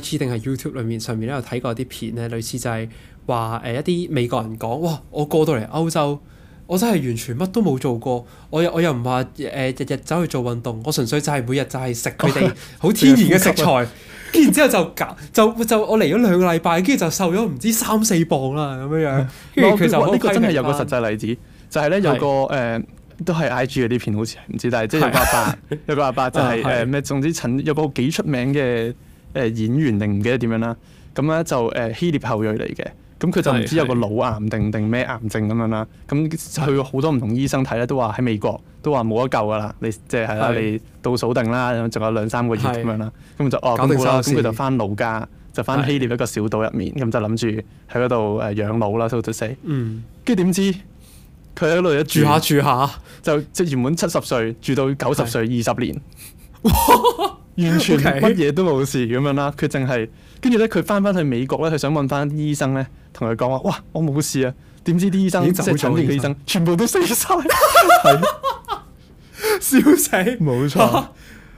IG 定係 YouTube 裏面上面咧有睇過啲片咧，類似就係話誒一啲美國人講：哇！我過到嚟歐洲，我真係完全乜都冇做過。我又我又唔話誒日日走去做運動，我純粹就係每日就係食佢哋好天然嘅食材、 嗯。 然之後就減，就就，就我嚟咗兩個禮拜，跟住就瘦咗唔知三四磅啦咁樣樣。跟住其實呢個真係有個實際例子，哦、就係咧是的 有個誒、呃、都係 I G 嘅啲片，好似唔知，但係即係有個阿伯，有個阿伯就係誒咩，總之陳有個幾出名嘅誒演員，定唔記得點樣啦。咁咧就誒、呃、希臘後裔嚟嘅。咁佢就唔知有個腦癌定定咩癌症咁樣啦，咁去咗好多唔同醫生睇咧，都話喺美國都話冇得救噶啦，你即係啦，就是、是你倒數定啦，仲有兩三個月咁樣啦，咁是就哦，咁、啊、佢就翻老家，就翻希臘一個小島入面，咁是就諗住喺嗰度誒養老啦，到死。嗯。跟住點知佢喺度住下住下，就即係原本七十歲住到九十歲二十是年，完全乜嘢都冇事咁樣啦，佢淨係。跟住咧，佢翻翻去美國咧，佢想問翻啲醫生咧，同佢講話：哇，我冇事啊！點知啲醫生已經走咗醫生，醫生全部都死曬,， 是, 笑死！冇錯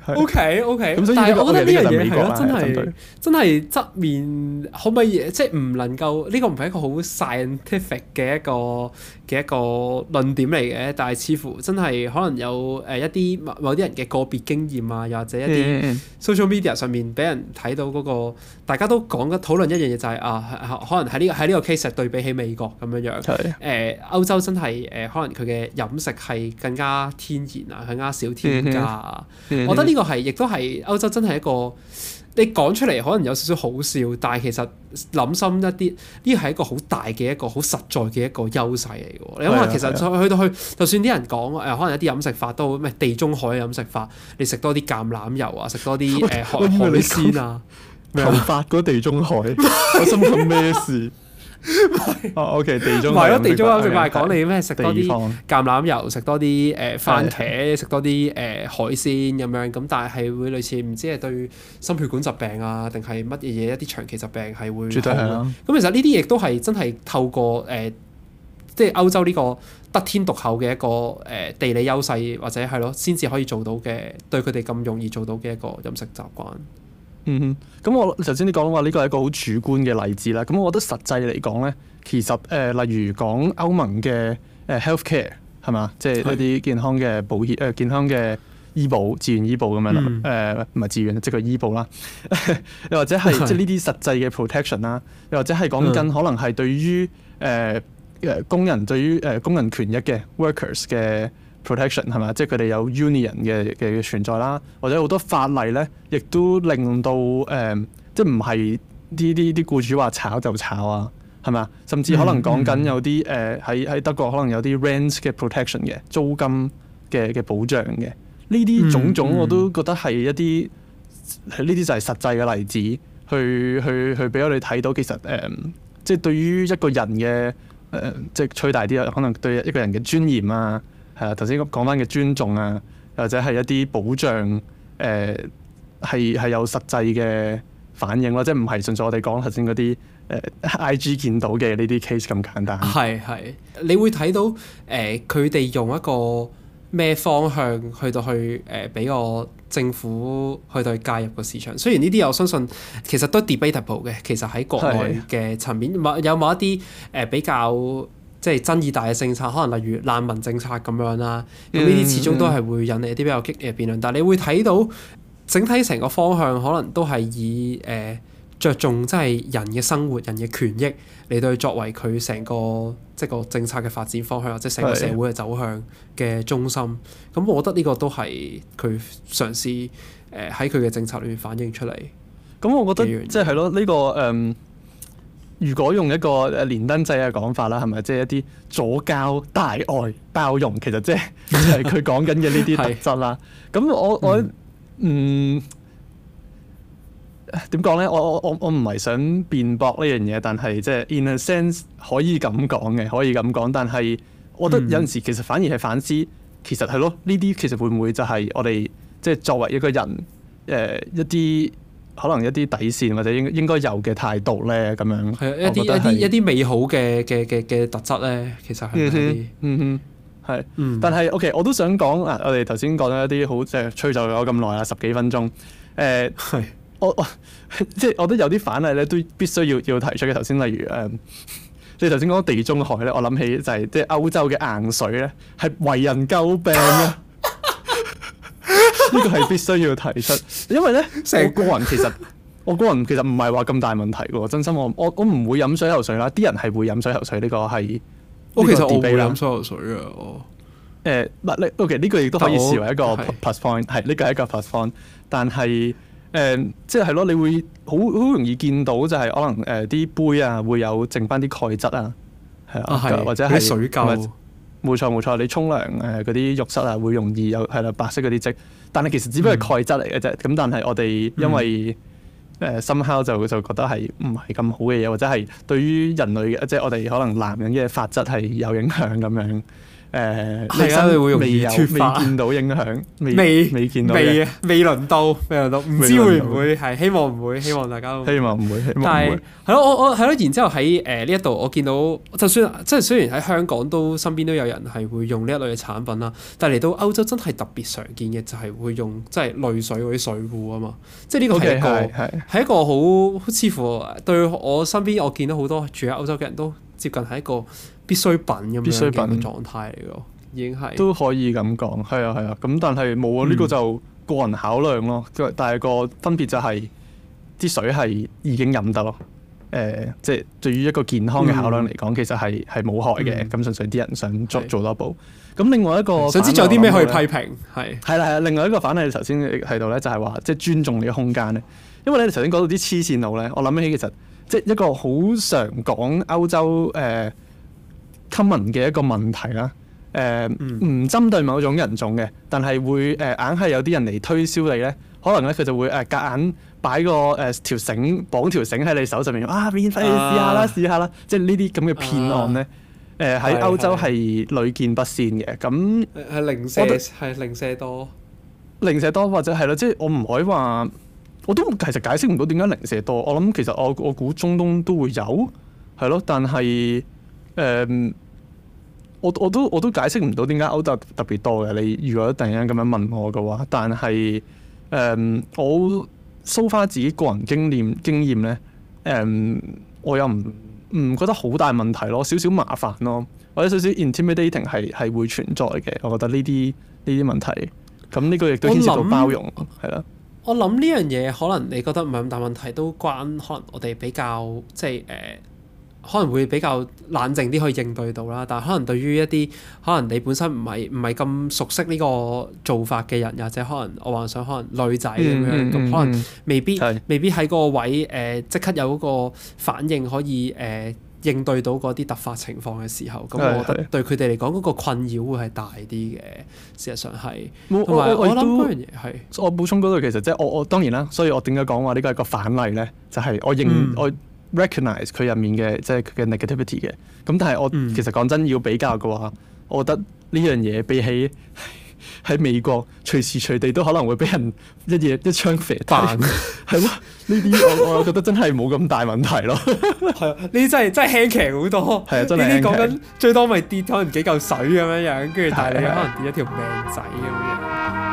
，OK OK。咁所以但我覺得呢樣嘢係真係、啊、真係對側面可唔可以，即係唔能夠？呢、這個唔係一個好 scientific 嘅一個。嘅一個論點嚟嘅，但係似乎真係可能有誒一啲某某啲人嘅個別經驗啊，又或者一啲 social media 上面俾人睇到嗰、那個大家都講嘅討論一樣嘢就係、是、啊，可能喺呢、這個喺呢個 case 實對比起美國咁樣樣，誒是的、呃、歐洲真係誒、呃、可能佢嘅飲食係更加天然啊，更加少添加、啊嗯嗯、我覺得呢個係亦都係歐洲真係一個。你講出嚟可能有少少好笑，但係其實諗深一啲，呢個係一個好大嘅一個好實在嘅一個優勢嚟嘅。你諗下，其實去到去，就算啲人講誒、呃，可能一啲飲食法都好咩，地中海飲食法，你食多啲橄欖油啊，食多啲誒海喂海鮮啊，唔發個地中海， 是啊、我心諗咩事？ 唔係、 哦、OK，地中唔係咯地中啊，食埋講你咩？食多啲橄欖油，食多啲誒番茄，的食多啲誒海鮮咁樣。咁但係係會類似，唔知係對心血管疾病啊，定係乜嘢嘢一啲長期疾病係會。絕對係啦、啊。咁其實呢啲亦都係真係透過誒、呃，即係歐洲呢個得天獨厚嘅一個誒地理優勢，或者係咯，先至可以做到嘅對佢哋咁容易做到嘅一個飲食習慣。嗯哼，咁我頭先你講話呢個係一個好主觀嘅例子啦。咁我覺得實際嚟講咧，其實誒、呃，例如講歐盟嘅誒 health care 係嘛，即係一啲健康嘅保險誒、呃，健康嘅醫保、自願醫保咁樣啦。誒唔係自願，即係個醫保啦。又 或者係是是即係呢啲實際嘅 protection 啦。又或者係講緊可能係對於誒誒工人對於誒工人權益嘅 workers 嘅。protection 係咪？即係佢哋有 union 嘅嘅存在啦，或者好多法例呢亦都令到誒、嗯，即係唔係啲啲啲僱主話炒就炒啊？係咪？甚至可能講緊有啲誒喺喺德國可能有啲 rent 嘅 protection 嘅租金嘅嘅保障嘅呢啲種種，我都覺得係一啲呢啲就係實際嘅例子，去去去俾我哋睇到其實誒、嗯，即係對於一個人嘅誒、呃，即係吹大啲啊，可能對一個人嘅尊嚴啊。係啊，頭先講翻嘅尊重啊，或者係一啲保障誒係係有實際嘅反應咯，即係唔係純粹我哋講頭先嗰啲誒 I G 見到嘅呢啲 case 咁簡單？係係，你會睇到誒佢哋用一個咩方向去到去誒俾、呃、我政府去到去介入個市場。雖然呢啲我相信其實都 debatable 嘅，其實喺國內嘅層面冇的有冇一啲誒比較。即係爭議大嘅政策，可能例如難民政策咁樣啦，咁呢啲始終都係會引嚟一啲比較激烈嘅辯論。但係你會睇到整體成個方向，可能都係以誒、呃、着重即係人嘅生活、人嘅權益嚟到作為佢成個即係個政策嘅發展方向，或者成個社會嘅走向嘅中心。咁、mm. 嗯、我覺得呢個都係佢嘗試誒喺佢嘅政策裏面反映出嚟。咁、嗯、我覺得即係咯，呢、就是呢個誒。Um, 如果用一個連登製嘅講法啦，係咪？即係一啲左膠大愛包容，其實即係佢講緊嘅呢啲特質啦。咁 是我我嗯點講、嗯、呢？我我我我唔係想辯駁呢樣嘢，但係即係 in a sense 可以咁講嘅，可以咁講。但係我覺得有陣時其實反而係反思，嗯、其實係咯，呢啲其實會唔會就係我哋即係作為一個人誒、呃、一啲。可能一啲底線或者應應該有嘅態度咧，咁樣。係的一啲一啲一啲美好嘅嘅嘅嘅特質咧，其實係嗰啲。嗯哼，係。嗯、但係 OK，我都想講啊，我哋頭先講咗一啲好即係吹奏咗咁耐啦，十幾分鐘。誒、呃，係的。我即係我覺得有啲反例咧，都必須要要提出嘅。頭先例如即你頭先講地中海咧，我諗起就係即係歐洲嘅硬水咧，係為人詬病嘅、啊。 呢個係必須要提出，因為咧， 我個人其實我個人其實唔係話咁大問題嘅，真心我我我唔會飲水喉水啦，啲人係會飲水喉水，呢、這個係我、這個，其實我唔會飲水喉水嘅、啊，我誒，嗱、欸，你 OK 呢個亦都可以視為一個 plus point，係呢、這個係一個 plus point，但係誒，即係咯，你會好好容易見到就係、是、可能誒啲、呃、杯啊會有剩翻啲鈣質啊，係啊，或者係水垢、啊，冇錯冇錯，你沖涼誒嗰啲浴室啊會容易有係啦白色嗰啲漬。但係其實只不過係鈣質嚟嘅啫，咁、嗯、但係我哋因為誒深刻就就覺得係唔係咁好嘅嘢，或者係對於人類嘅，即、就、係、是、我哋可能男人嘅髮質係有影響咁樣。誒，而家你會容易有未見到影響，未未見到，未啊，未輪到，未輪到，唔知會唔會係希望唔會，希望大家都會希望唔會。但係係咯，我我係咯，然之後喺誒呢一度，我見到就算即係雖然喺香港都身邊都有人係會用呢一類嘅產品啦，但係嚟到歐洲真係特別常見嘅就係、是、會用即係濾水嗰啲水壺啊嘛，即係呢個係一個係、okay, right , right. 一個好似乎對我身邊我見到好多住喺歐洲嘅人都接近係一個。必需品咁樣嘅狀態嚟嘅，已經係都可以咁講，係啊係啊。咁但係冇啊，呢、嗯、個就個人考量咯。但係個分別就係、是、啲水係已經飲得咯。誒、呃，即、就、係、是、對於一個健康嘅考量嚟講，嗯、其實係係冇害嘅。咁、嗯、純粹啲人想做是做多步。咁另外一個想知仲有啲咩可以批評？係係啦係啊。另外一個反例，你頭先提到咧，就係話即係尊重你嘅空間咧。因為你頭先講到啲黐線佬咧，我諗起其實即係一個好常講歐洲誒。呃 common 嘅一個問題啦，誒、呃、唔、嗯、針對某種人種嘅，但係會誒硬係有啲人嚟推銷你咧，可能咧佢就會誒夾硬擺個誒、呃、條繩綁條繩喺你手上面，啊免費、啊、試下啦，試下啦，即係呢啲咁嘅騙案咧，誒喺、啊呃、歐洲係屢見不鮮嘅，咁係零舍我零舍多，零舍多或者係咯，即係我唔可以話，我都其實解釋唔到點解零舍多，我諗其實我我估中東、東、東都會有，係咯，但係。但誒、um,，我我都我都解釋唔到點解歐洲特別多嘅。你如果突然間咁樣問我嘅話，但係誒，um, 我 so far 自己個人經驗經驗咧，誒、um,，我又唔唔覺得好大問題咯，少少麻煩咯，或者少少 intimidating 係係會存在嘅。我覺得呢啲呢啲問題，咁呢個亦都牽涉到包容係啦。我諗呢樣嘢可能你覺得唔係咁大問題，都關可能我哋比較即係誒。呃可能會比較冷靜啲去應對到啦，但係可能對於一啲可能你本身唔係唔係咁熟悉呢個做法嘅人，或者可能我幻想可能女仔咁樣，咁、嗯嗯嗯、可能未必的未必喺嗰個位誒即、呃、刻有嗰個反應可以誒、呃、應對到嗰啲突發情況嘅時候，咁我覺得對佢哋嚟講嗰個困擾會係大啲嘅，事實上係、嗯有。我我我諗嗰樣嘢係，我補充嗰度其實即係我我，我當然啦，所以我點解講話呢個係個反例咧？就係、是、我認我。嗯嗯 Recognize 佢入面嘅即係佢嘅 negativity 嘅，咁但係我、嗯、其實講真要比較嘅話，我覺得呢樣嘢比起喺美國隨時隨地都可能會俾人一夜一槍射翻，係呢啲我我覺得真係冇咁大問題咯， 係啊呢啲真係真係輕騎好多，係啊真係呢啲講緊最多咪跌可能幾嚿水咁樣樣，跟住但係你可能跌一條命仔咁樣。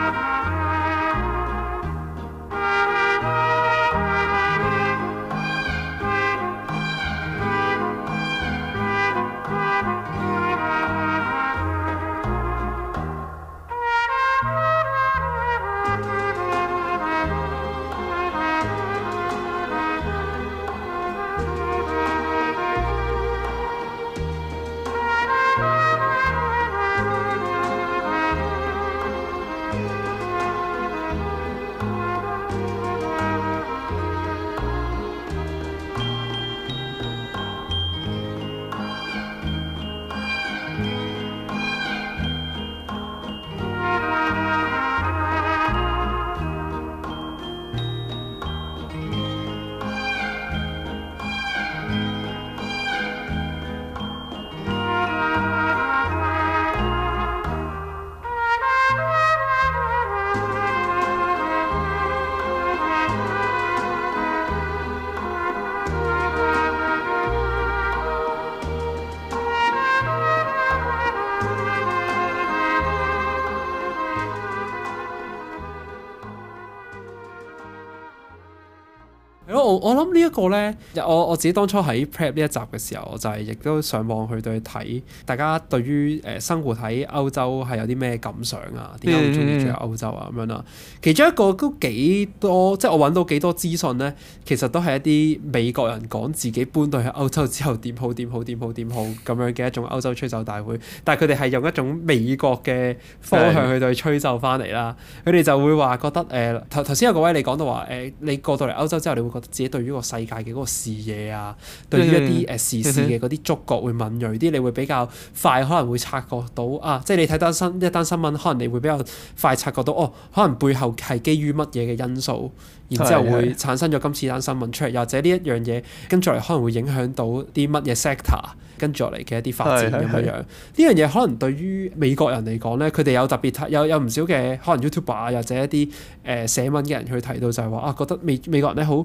我諗呢一個咧，我我自己當初喺 prep 呢一集嘅時候，我就係亦都上網去對睇大家對於誒生活喺歐洲係有啲咩感想啊？點解會中意住喺歐洲啊？咁樣啦，其中一個都幾多，即係我揾到幾多資訊咧，其實都係一啲美國人講自己搬到去歐洲之後點好點好點好點好咁樣嘅一種歐洲吹奏大會，但係佢哋係用一種美國嘅方向去對吹奏翻嚟啦。佢哋的就會話覺得誒，頭頭先有個位你講到話誒、呃，你過到嚟歐洲之後，你會覺得對於個世界嘅嗰個視野啊，對於一啲誒、 呃、時事嘅嗰啲觸覺會敏鋭啲， 你會比較快可能會察覺到啊，即係你睇單新一單新聞，可能你會比較快察覺到哦，可能背後係基於乜嘢嘅因素？然之後會產生咗今次單新聞出嚟，又或者呢一樣嘢跟住嚟可能會影響到啲乜嘢 sector 跟住落嚟嘅一啲發展咁樣樣。呢樣嘢可能對於美國人嚟講咧，佢哋有特別有有唔少嘅可能 YouTuber 啊，或者一啲誒寫文嘅人去提到就係話啊，覺得美美國人咧，好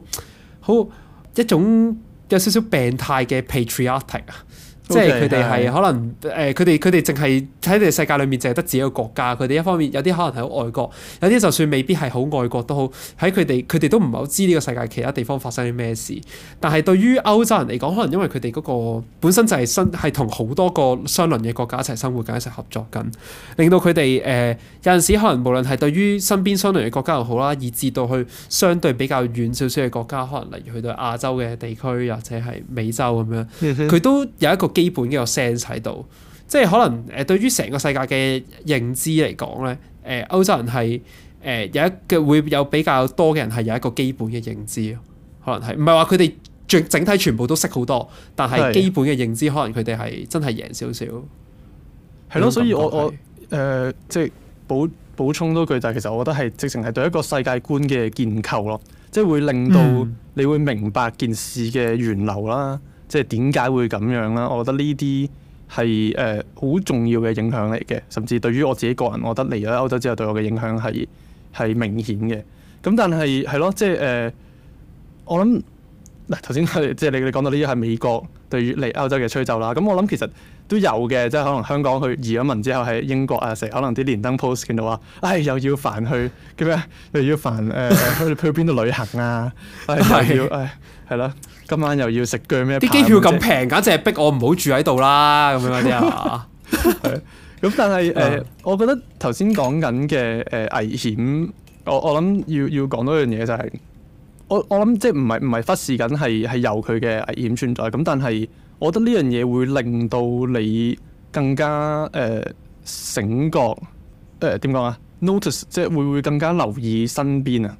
好一種有少少病態嘅 patriotic 啊。即係佢哋係可能誒，佢哋佢哋淨係喺你哋世界裏面，淨係得自己一個國家。佢哋一方面有啲可能係好愛國，有啲就算未必係好愛國都好。喺佢哋佢哋都唔係好知呢個世界其他地方發生啲咩事。但係對於歐洲人嚟講，可能因為佢哋嗰個本身就係生係同好多個相鄰嘅國家一齊生活緊，一齊合作緊，令到佢哋誒有陣時可能無論係對於身邊相鄰嘅國家又好啦，以至到去相對比較遠少少嘅國家，可能例如去到亞洲嘅地區，或者係美洲咁樣，佢都有一個基本嘅 sense 喺度，即係可能誒，對於成個世界嘅認知嚟講咧，誒，歐洲人係誒有一個會有比較多嘅人係有一個基本嘅認知，可能係唔係話佢哋整整體全部都識好多，但係基本嘅認知，可能佢哋係真係贏少少。係咯的，嗯、所以我我誒、呃，即係補補充多句、就係，但係其實我覺得係直情係對一個世界觀嘅建構咯，即係會令到你會明白件事嘅源流啦。嗯即係點解會咁樣啦？我覺得呢啲係誒好重要嘅影響嚟嘅，甚至對於我自己個人，我覺得嚟咗歐洲之後對我嘅影響係係明顯嘅。咁但係係咯，即係誒、呃，我諗嗱頭先即係你你講到呢啲係美國對於嚟歐洲嘅吹奏啦。咁我諗其實都有嘅，即係可能香港去移咗民之後，喺英國啊，成日可能啲《連登 Post》見到話，唉又要煩去叫咩？又要煩誒、呃、去去邊度旅行啊？係 要誒。 係啦，今晚又要食鋸咩？啲機票咁平，簡直係逼我唔好住喺度啦！咁樣啲啊，咁但係誒，我覺得頭先講緊嘅誒危險，我我諗要要講多樣嘢就係，我、就是、我諗即係唔係唔係忽視緊係係由佢嘅危險存在，咁但係，我覺得呢樣嘢會令到你更加誒、呃、醒覺誒點講啊？notice 即係會唔會更加留意身邊啊！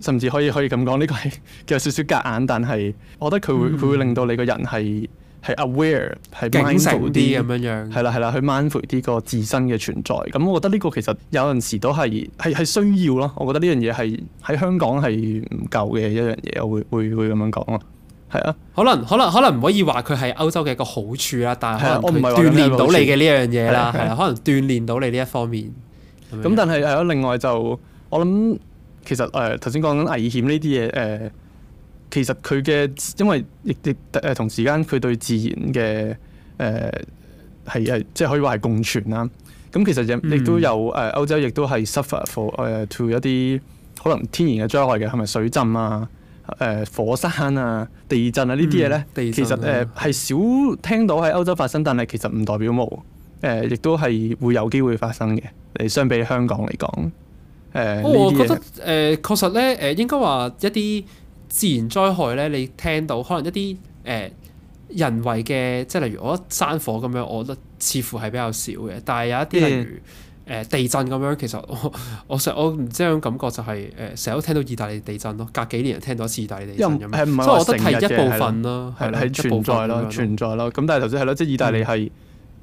甚至可以可以咁講，呢、這個係有少少隔硬。但係我覺得佢會佢、嗯、會令到你個人係係 aware 係 mindful 啲咁樣樣。係啦係啦，去 mindful 啲個自身嘅存在。咁我覺得呢個其實有陣時都係係係需要咯。我覺得呢樣嘢係喺香港係唔夠嘅一樣嘢。我會會會咁樣講咯。係啊可，可能可能可能唔可以話佢係歐洲嘅一個好處啦，但係可能、啊、我唔佢、啊啊、鍛鍊到你嘅呢樣嘢啦。係啊，可能鍛鍊到你呢一方面。咁、啊、但係誒，另外就我諗。其實誒頭先講緊危險呢啲嘢誒，其實佢嘅因為亦亦誒、呃、同時間佢對自然嘅誒係係即係可以話係共存啦。咁、嗯嗯、其實亦亦都有誒歐洲亦都係 suffer for 誒、呃、to 一啲可能天然嘅災害嘅，係咪水浸啊、誒、呃、火山啊、地震啊呢啲嘢咧？嗯啊、其實誒係、呃、少聽到喺歐洲發生，但係其實唔代表冇誒，亦、呃、都係會有機會發生嘅，嚟相比香港嚟講，我覺得誒確實咧，誒應該話一啲自然災害咧，你聽到可能一啲誒人為嘅，即係例如我山火咁樣，我覺得似乎係比較少嘅。但係有一啲例如誒地震咁樣，其實我我成我唔知點感覺，就係誒成日都聽到意大利地震咯，隔幾年又聽到一次意大利地震咁樣。誒唔係一部分嘅係啦，係存在咯，存在咯。咁但係頭先係咯，即係意大利係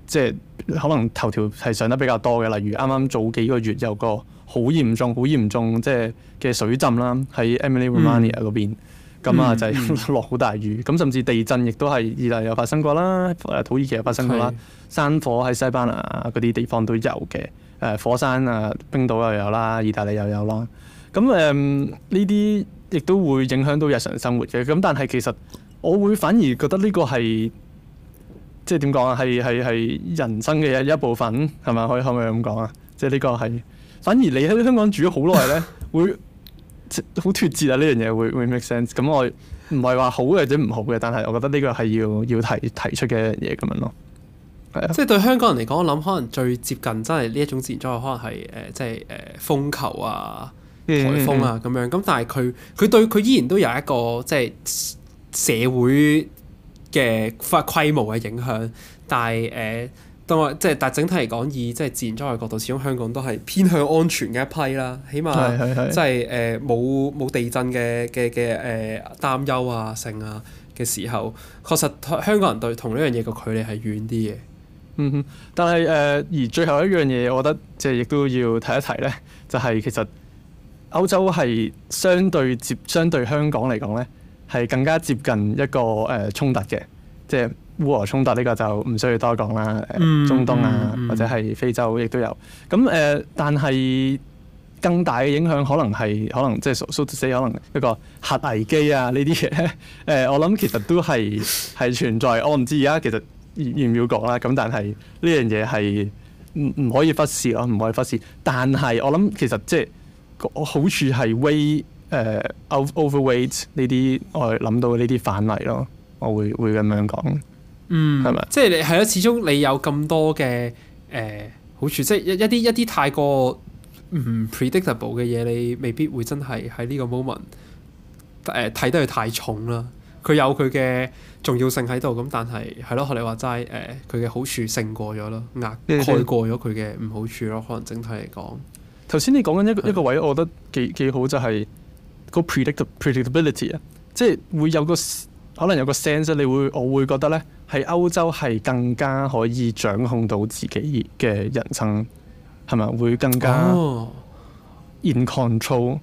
即係可能頭條係上得比較多嘅，例如啱啱早幾個月有個。好嚴重，好嚴重，即係嘅水浸啦，喺 Emily Romania 嗰邊，咁、嗯、啊就係落好大雨，咁、嗯嗯、甚至地震亦都係意大利又發生過啦，土耳其又發生過啦，是山火喺西班牙嗰啲地方都有嘅，誒、呃、火山啊，冰島又有啦，意大利又有啦，咁誒呢啲亦都會影響到日常生活嘅，咁但係其實我會反而覺得呢個係即係點講啊？係係係人生嘅一一部分，係咪？可以可唔可以咁講啊？即係呢個係。反而你喺香港住咗好耐咧， 會好脫節啊！呢樣嘢會會 make sense。咁我唔係話好或者唔好嘅，但係我覺得呢個係要要提提出嘅嘢咁樣咯。係啊、即係對香港人嚟講，我諗可能最接近真係呢一種自然災害，可能係誒、呃、即係誒風球啊、颱風啊咁樣。咁 但係佢佢對佢依然都有一個即係社會嘅發規模嘅影響，但係誒。呃當即係，但整體嚟講，以即係自然災害角度，始終香港都係偏向安全嘅一批啦。起碼即係誒冇冇地震嘅嘅嘅誒擔憂啊、成啊嘅時候，確實香港人對同呢樣嘢個距離係遠啲嘅。嗯哼，但係誒、呃，而最後一樣嘢，我覺得即係亦都要提一提咧，就係、是、其實歐洲係相對接，相對香港嚟講咧，係更加接近一個誒、呃、衝突嘅，即係。烏俄、哦、衝突呢個就唔需要多講啦，呃嗯、中東啊或者係非洲亦都有。咁誒、呃，但係更大嘅影響可能係可能即係 so to say，可能一個核危機啊呢啲嘢。誒、呃，我諗其實都係係存在。 我唔知而家其實要唔要講啦。咁但係呢樣嘢係唔唔可以忽視咯，唔可以忽視。但係我諗其實即係好處係 weigh、呃、of overweight 呢啲，我諗到呢啲反例咯。我會會咁樣講。嗯，係咪吧？即係你係咯，始終你有咁多嘅誒、呃、好處，即係一一啲一啲太過唔 predictable 嘅嘢，你未必會真係喺呢個 moment 誒、呃、睇得佢太重啦。佢有佢嘅重要性喺度，咁但係係咯，學你話齋誒，佢、呃、嘅好處勝過咗咯，壓蓋過咗佢嘅唔好處咯。可能整體嚟講，頭先你講緊一個一個位，我覺得幾幾的好就係、是、個 predict predictability 啊，即係會有個。可能有個 sense，你會我會覺得咧，喺歐洲係更加可以掌控到自己嘅人生，係咪？會更加 in control，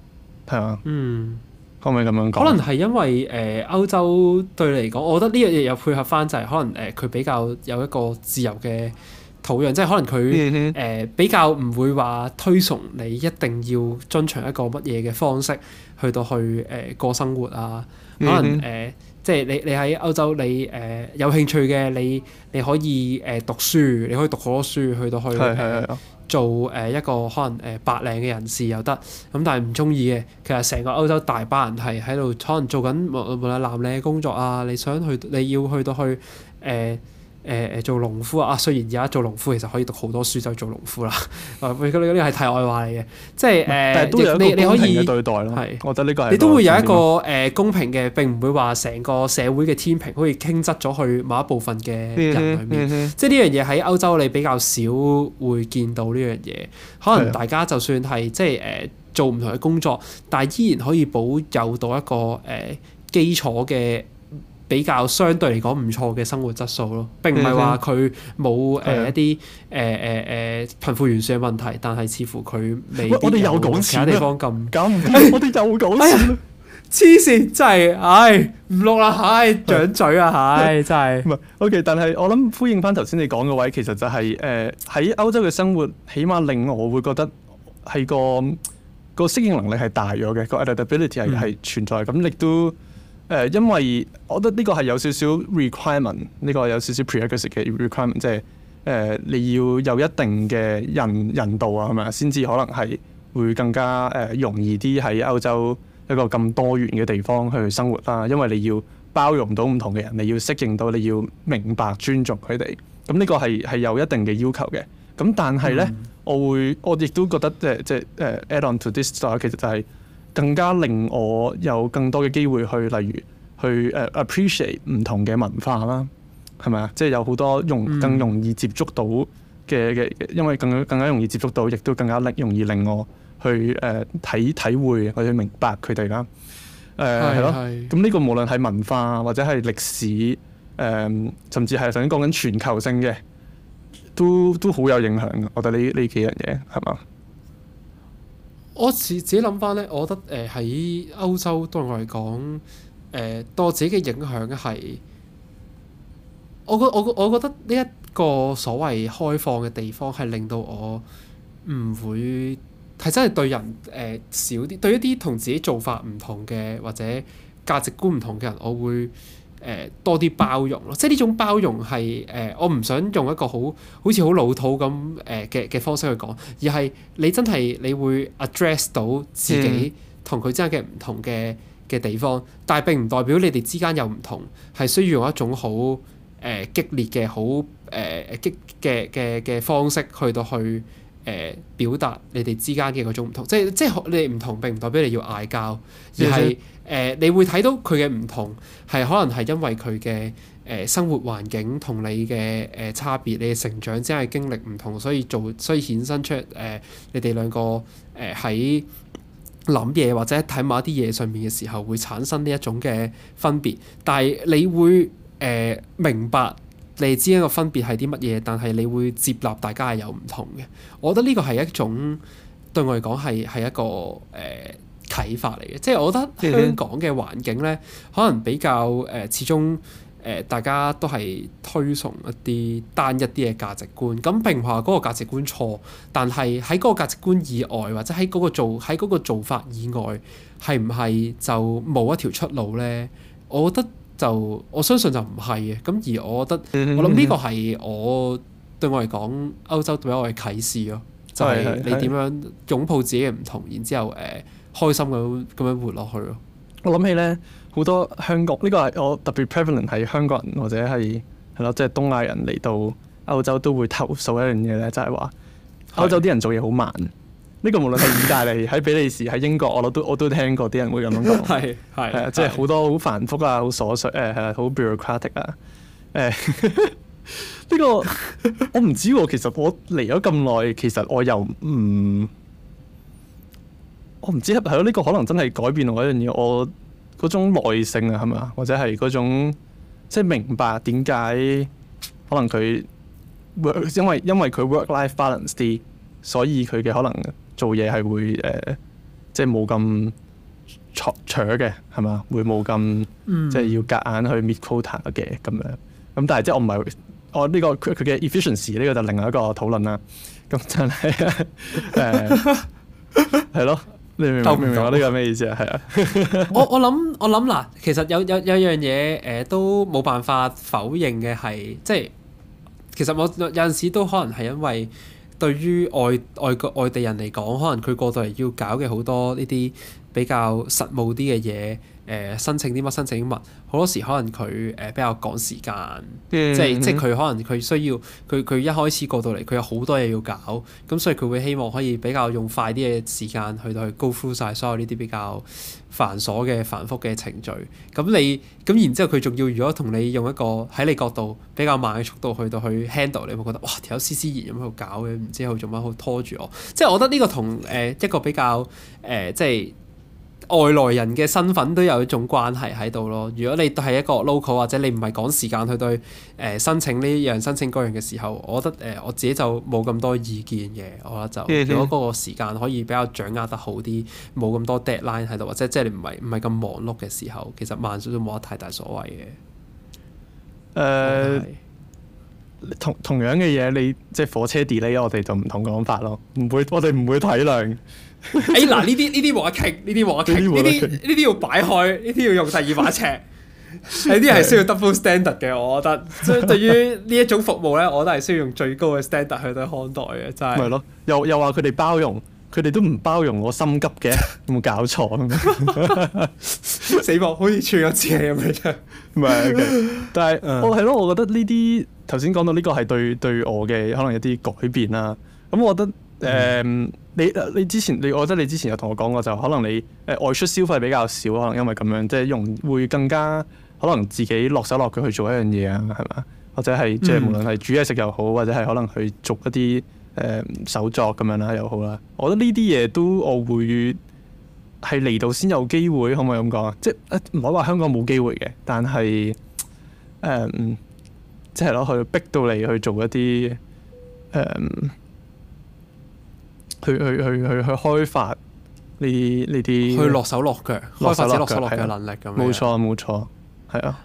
係嘛？嗯，可唔可以咁樣講？可能係因為誒、呃、歐洲對你嚟講，我覺得呢樣嘢又配合翻就係可能誒佢、呃、比較有一個自由嘅土壤，即係可能佢誒、嗯嗯嗯呃、比較唔會話推崇你一定要遵循一個乜嘢嘅方式去到去誒、呃、過生活啊，可能誒。嗯嗯嗯即係你，你喺歐洲，你誒、呃、有興趣嘅，你你可以誒、呃、讀書，你可以讀好多書，去到去、 呃、做誒、呃、一個可能誒白領嘅人士又得。咁但係唔中意嘅，其實成個歐洲大班人係喺度，可能做緊無論藍領嘅工作啊，你想去你要去到去誒。呃誒誒、呃、做農夫啊！雖然而家做農夫其實可以讀好多書，就做農夫啦。啊，呢個係題外話嚟嘅，即係誒。但係都有你，你可以對待咯。係，我覺得呢個係你都會有一個誒公平嘅、呃，並唔會話成個社會嘅天平可以傾側咗去某一部分嘅人裏面。即係呢樣嘢喺歐洲你比較少會見到呢樣嘢。可能大家就算係即係誒、呃、做唔同嘅工作，但係依然可以保有到一個誒、呃、基礎嘅。比較相對嚟講唔錯嘅生活質素咯，並唔係話佢冇誒一啲誒誒誒貧富懸殊嘅問題， 但係似乎佢未有。我哋又講錢啦，其他地方咁咁， 我哋又講錢，黐線、哎、真係，唉唔錄啦，唉掌嘴啊，唉真係。唔係 ，OK，但係我諗呼應翻頭先你講嘅位，其實就係誒喺歐洲嘅生活，起碼令我會覺得係個個適應能力係大咗嘅，個 adaptability 係係存在咁，亦、嗯嗯、都。誒，因為我覺得呢個係有少少 requirement，呢個有少少 pre-requisite 嘅 requirement，即係誒，你要有一定嘅人人道啊，係咪？先至可能係會更加誒、呃、容易啲喺歐洲一個咁多元嘅地方去生活啦。因為你要包容到唔同嘅人，你要適應到，你要明白尊重佢哋。咁呢個係係有一定嘅要求嘅。咁但係咧、嗯，我會我亦都覺得即係即係 add on to this style，其實就係、是。更加令我有更多嘅機會去，例如去誒、uh, appreciate 唔同嘅文化啦，係咪啊？即係有好多容，更容易接觸到嘅嘅，嗯、因為更更加容易接觸到，亦都更加令容易令我去誒睇、uh, 體，體會，或者明白佢哋啦。誒係咯，咁呢吧個無論係文化或者係歷史，誒、嗯、甚至係頭先講緊全球性嘅，都都好有影響。我覺得呢呢幾樣嘢係嘛。我自，自己諗翻呢，我覺得誒喺，呃，歐洲對我嚟講，誒對我自己嘅影響係，我覺我我覺得呢一個所謂開放嘅地方係令到我唔會係真係對人誒少啲，對一啲同自己做法唔同嘅或者價值觀唔同嘅人，我會，誒多啲包容咯，即係呢種包容係誒、呃，我唔想用一個好好似好老土咁誒嘅嘅方式去講，而係你真係你會 address 到自己同佢之間嘅唔同嘅嘅地方，嗯、但係並唔代表你哋之間有唔同，係需要用一種好誒、呃、激烈嘅好誒激嘅嘅嘅方式去到去。誒、呃、表達你哋之間嘅嗰種唔同，即係即係你哋唔同並唔代表你要嗌交，而係誒、呃、你會睇到佢嘅唔同，係可能係因為佢嘅誒生活環境同你嘅誒、呃、差別，你嘅成長即係經歷唔同，所以做所以衍生出誒、呃、你哋兩個誒喺諗嘢或者睇某一啲嘢上面嘅時候會產生呢一種嘅分別，但係你會誒、呃、明白。你哋之間嘅分別係啲乜嘢？但係你會接納大家係有唔同嘅。我覺得呢個係一種對我嚟講係係一個誒啟發嚟嘅。即係我覺得香港嘅環境咧，可能比較誒、呃、始終誒、呃、大家都係推崇一啲單一啲嘅價值觀，咁並唔係話嗰個價值觀錯，但係喺嗰個價值觀以外，或者喺嗰個做喺嗰個做法以外，係唔係就冇一條出路咧？我覺得。就我相信就唔係嘅，咁而我覺得我諗呢個係我對我嚟講歐洲對我嘅啟示咯，就係、是、你點樣擁抱自己嘅唔同，然之後誒、呃、開心咁咁樣活落去咯 。我諗起咧好多香港，呢、這個係我特別 prevalent 係香港人或者係係咯，即係東亞人嚟到歐洲都會投訴一樣嘢咧，就係話歐洲啲人做嘢好慢。呢個無論係意大利、喺 比利時、喺英國，我都我都聽過啲人會咁講。係係， 即係好多好繁複啊，好瑣碎誒，係、哎、啊，好 bureaucratic 啊。誒，呢個我唔知喎、啊。其實我嚟咗咁耐，其實我又唔、嗯，我唔知係咯。呢、這個可能真係改變我一樣嘢，我嗰種耐性啊，係嘛？或者係嗰種即係明白點解可能佢因為因為佢 work-life balance 啲，所以佢嘅可能。做嘢係會誒、呃，即係冇咁挫挫嘅，係嘛？會冇咁、嗯、即係要隔硬去 meet quota 嘅咁樣。咁但係即係我唔係我呢、呢個佢嘅 efficiency 呢個就另外一個討論啦。咁真係誒，係 咯？ 你明？我明唔明我呢個咩意思啊？係啊！我我諗我諗嗱，其實有有有樣嘢誒，都冇辦法否認嘅係，即係其實我有陣時都可能係因為。對於外外國外地人嚟講，可能佢過到嚟要搞嘅好多呢啲比較實務啲嘅嘢，誒、呃、申請啲乜申請啲乜，好多時可能佢誒比較趕時間，mm hmm。即係即係佢可能佢需要佢佢一開始過到嚟，佢有好多嘢要搞，咁所以佢會希望可以比較用快啲嘅時間去到去 go through 晒所有呢啲比較繁瑣嘅繁複嘅程序，咁你咁然之後佢仲要如果同你用一個喺你角度比較慢嘅速度去到去 handle，你會覺得哇，條友斯斯然咁喺度搞嘅，唔知佢做乜，好拖住我，即係我覺得呢個同誒、呃、一個比較誒、呃、即係。外來人嘅身份都有一種關係喺度咯。如果你都係一個 local 或者你唔係趕時間去對誒、呃、申請呢樣申請嗰樣嘅時候，我覺得誒、呃、我自己就冇咁多意見嘅。我覺得就如果嗰個時間可以比較掌握得好啲，冇咁多 deadline 喺度，或者即係、就是、你唔係唔係咁忙碌嘅時候，其實慢少少都冇乜太大所謂嘅。誒、呃是，同同樣嘅嘢，你即係火車 delay，我哋就唔同講法咯。唔會，我哋唔會體諒。誒，嗱呢啲呢啲冇得傾，呢啲冇得傾，呢啲呢啲要擺開，呢啲、啊、要用第二把尺，呢啲係需要 double standard 嘅，我覺得。所、就、以、是、對於呢一種服務咧，我都係需要用最高嘅 standard 去對看待嘅真係。係、就、咯、是，又又話佢哋包容，佢哋都唔包容我心急嘅，有冇搞錯？死仆，好似串咗字係咁樣啫，唔、okay, 係但係、嗯，我係咯，我覺得呢啲頭先講到呢個係對對我嘅可能有啲改變啦。咁我覺得。誒，um, mm. 你你之前，你我覺得你之前有同我講過，就可能你誒、呃、外出消費比較少，可能因為咁樣，即係用會更加可能自己落手落腳去做一樣嘢啊，係嘛？或者係即係無論係煮嘢食又好，或者係可能去做一啲誒、呃、手作咁樣啦又好啦。我覺得呢啲嘢都我會係嚟到先有機會，可唔、呃、可以咁講啊？即係唔好話香港冇機會嘅，但係誒，即係囉去逼到你去做一啲誒。呃去去去去去開發呢啲呢啲，去落手落腳，落手落腳開發自己落手落腳能力咁樣。冇錯冇錯，係啊。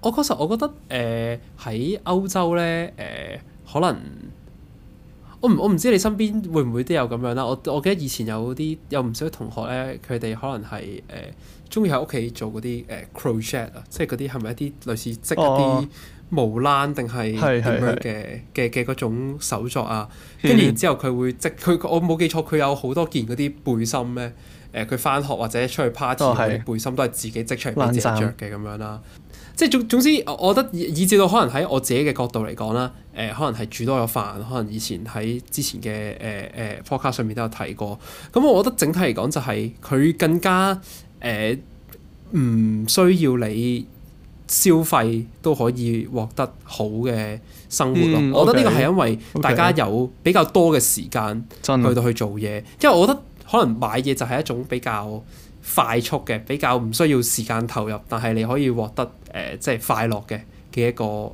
我確實我覺得誒喺、uh, 歐洲咧誒，uh, 可能我唔我唔知你身邊會唔會都有咁樣啦。我我記得以前有啲有唔少同學咧，佢哋可能係誒中意喺屋企做嗰啲誒 crochet 啊，即係啲係咪一啲類似織一啲。Oh. 毛攣定係點樣嘅嘅嘅嗰種手作啊，跟住 然之後佢會織佢我冇記錯佢有好多件嗰啲背心咧，誒佢翻學或者出去 party 背心、哦、都係自己織出嚟自己著嘅咁樣啦。即係總總之，我覺得以至到可能喺我自己嘅角度嚟講啦，誒、呃、可能係煮多咗飯，可能以前喺之前嘅誒誒 podcast 上面都有提過。咁我覺得整體嚟講就係佢更加誒唔、呃、需要你。消費都可以獲得好嘅生活咯，嗯、我覺得呢個係因為大家有比較多嘅時間去到去做嘢，的因為我覺得可能買嘢就係一種比較快速嘅、比較唔需要時間投入，但係你可以獲得誒、呃、即係快樂嘅嘅一個誒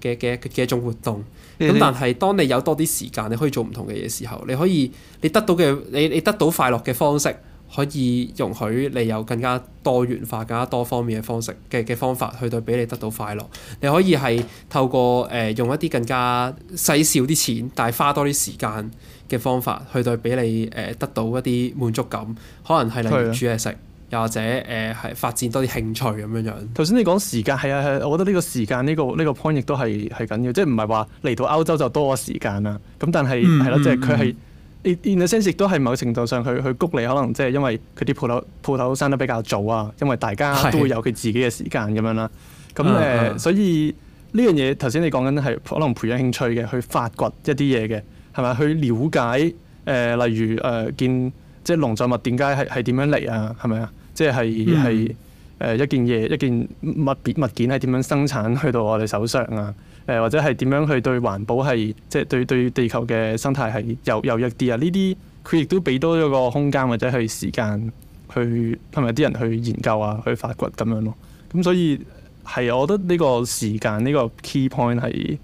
嘅嘅嘅一種活動。咁、嗯、但係當你有多啲時間，你可以做唔同嘅嘢嘅時候，你可以你得到嘅你你得到快樂嘅方式。可以容許你有更加多元化、更加多方面嘅方式嘅嘅方法去對俾你得到快樂。你可以係透過誒、呃、用一啲更加細少啲錢，但係花多啲時間嘅方法去對俾你誒、呃、得到一啲滿足感。可能係例如煮嘢食，又的或者誒係、呃、發展多啲興趣咁樣樣。頭先你講時間係啊，係，我覺得呢個時間呢、呢個呢、呢個 point 亦都係係緊要，即係唔係話嚟到歐洲就多咗時間啦。咁但係係咯，即係佢係。嗯嗯 In a sense 亦都係某程度上去，去佢谷你可能即係因為佢啲鋪頭鋪頭生得比較早啊，因為大家都會有佢自己嘅時間咁樣啦、啊。咁誒是，啊啊、所以呢樣嘢頭先你講緊係可能培養興趣嘅，去發掘一啲嘢嘅，係咪？去了解誒、呃，例如誒、呃、見即係農作物點解係係點樣嚟啊？係咪啊？即係係誒一件嘢一件物別物件係點樣生產去到我哋手上啊？誒或者係點樣去對環保係，即係對對地球嘅生態係又有益啲啊！呢啲佢亦都俾多咗個空間或者係時間去係咪啲人去研究啊，去發掘咁樣咯。咁所以係，我覺得呢個時間呢個 key point 係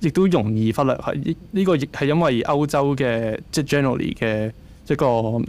亦都容易忽略。係呢個係因為歐洲嘅即係 generally 嘅一個誒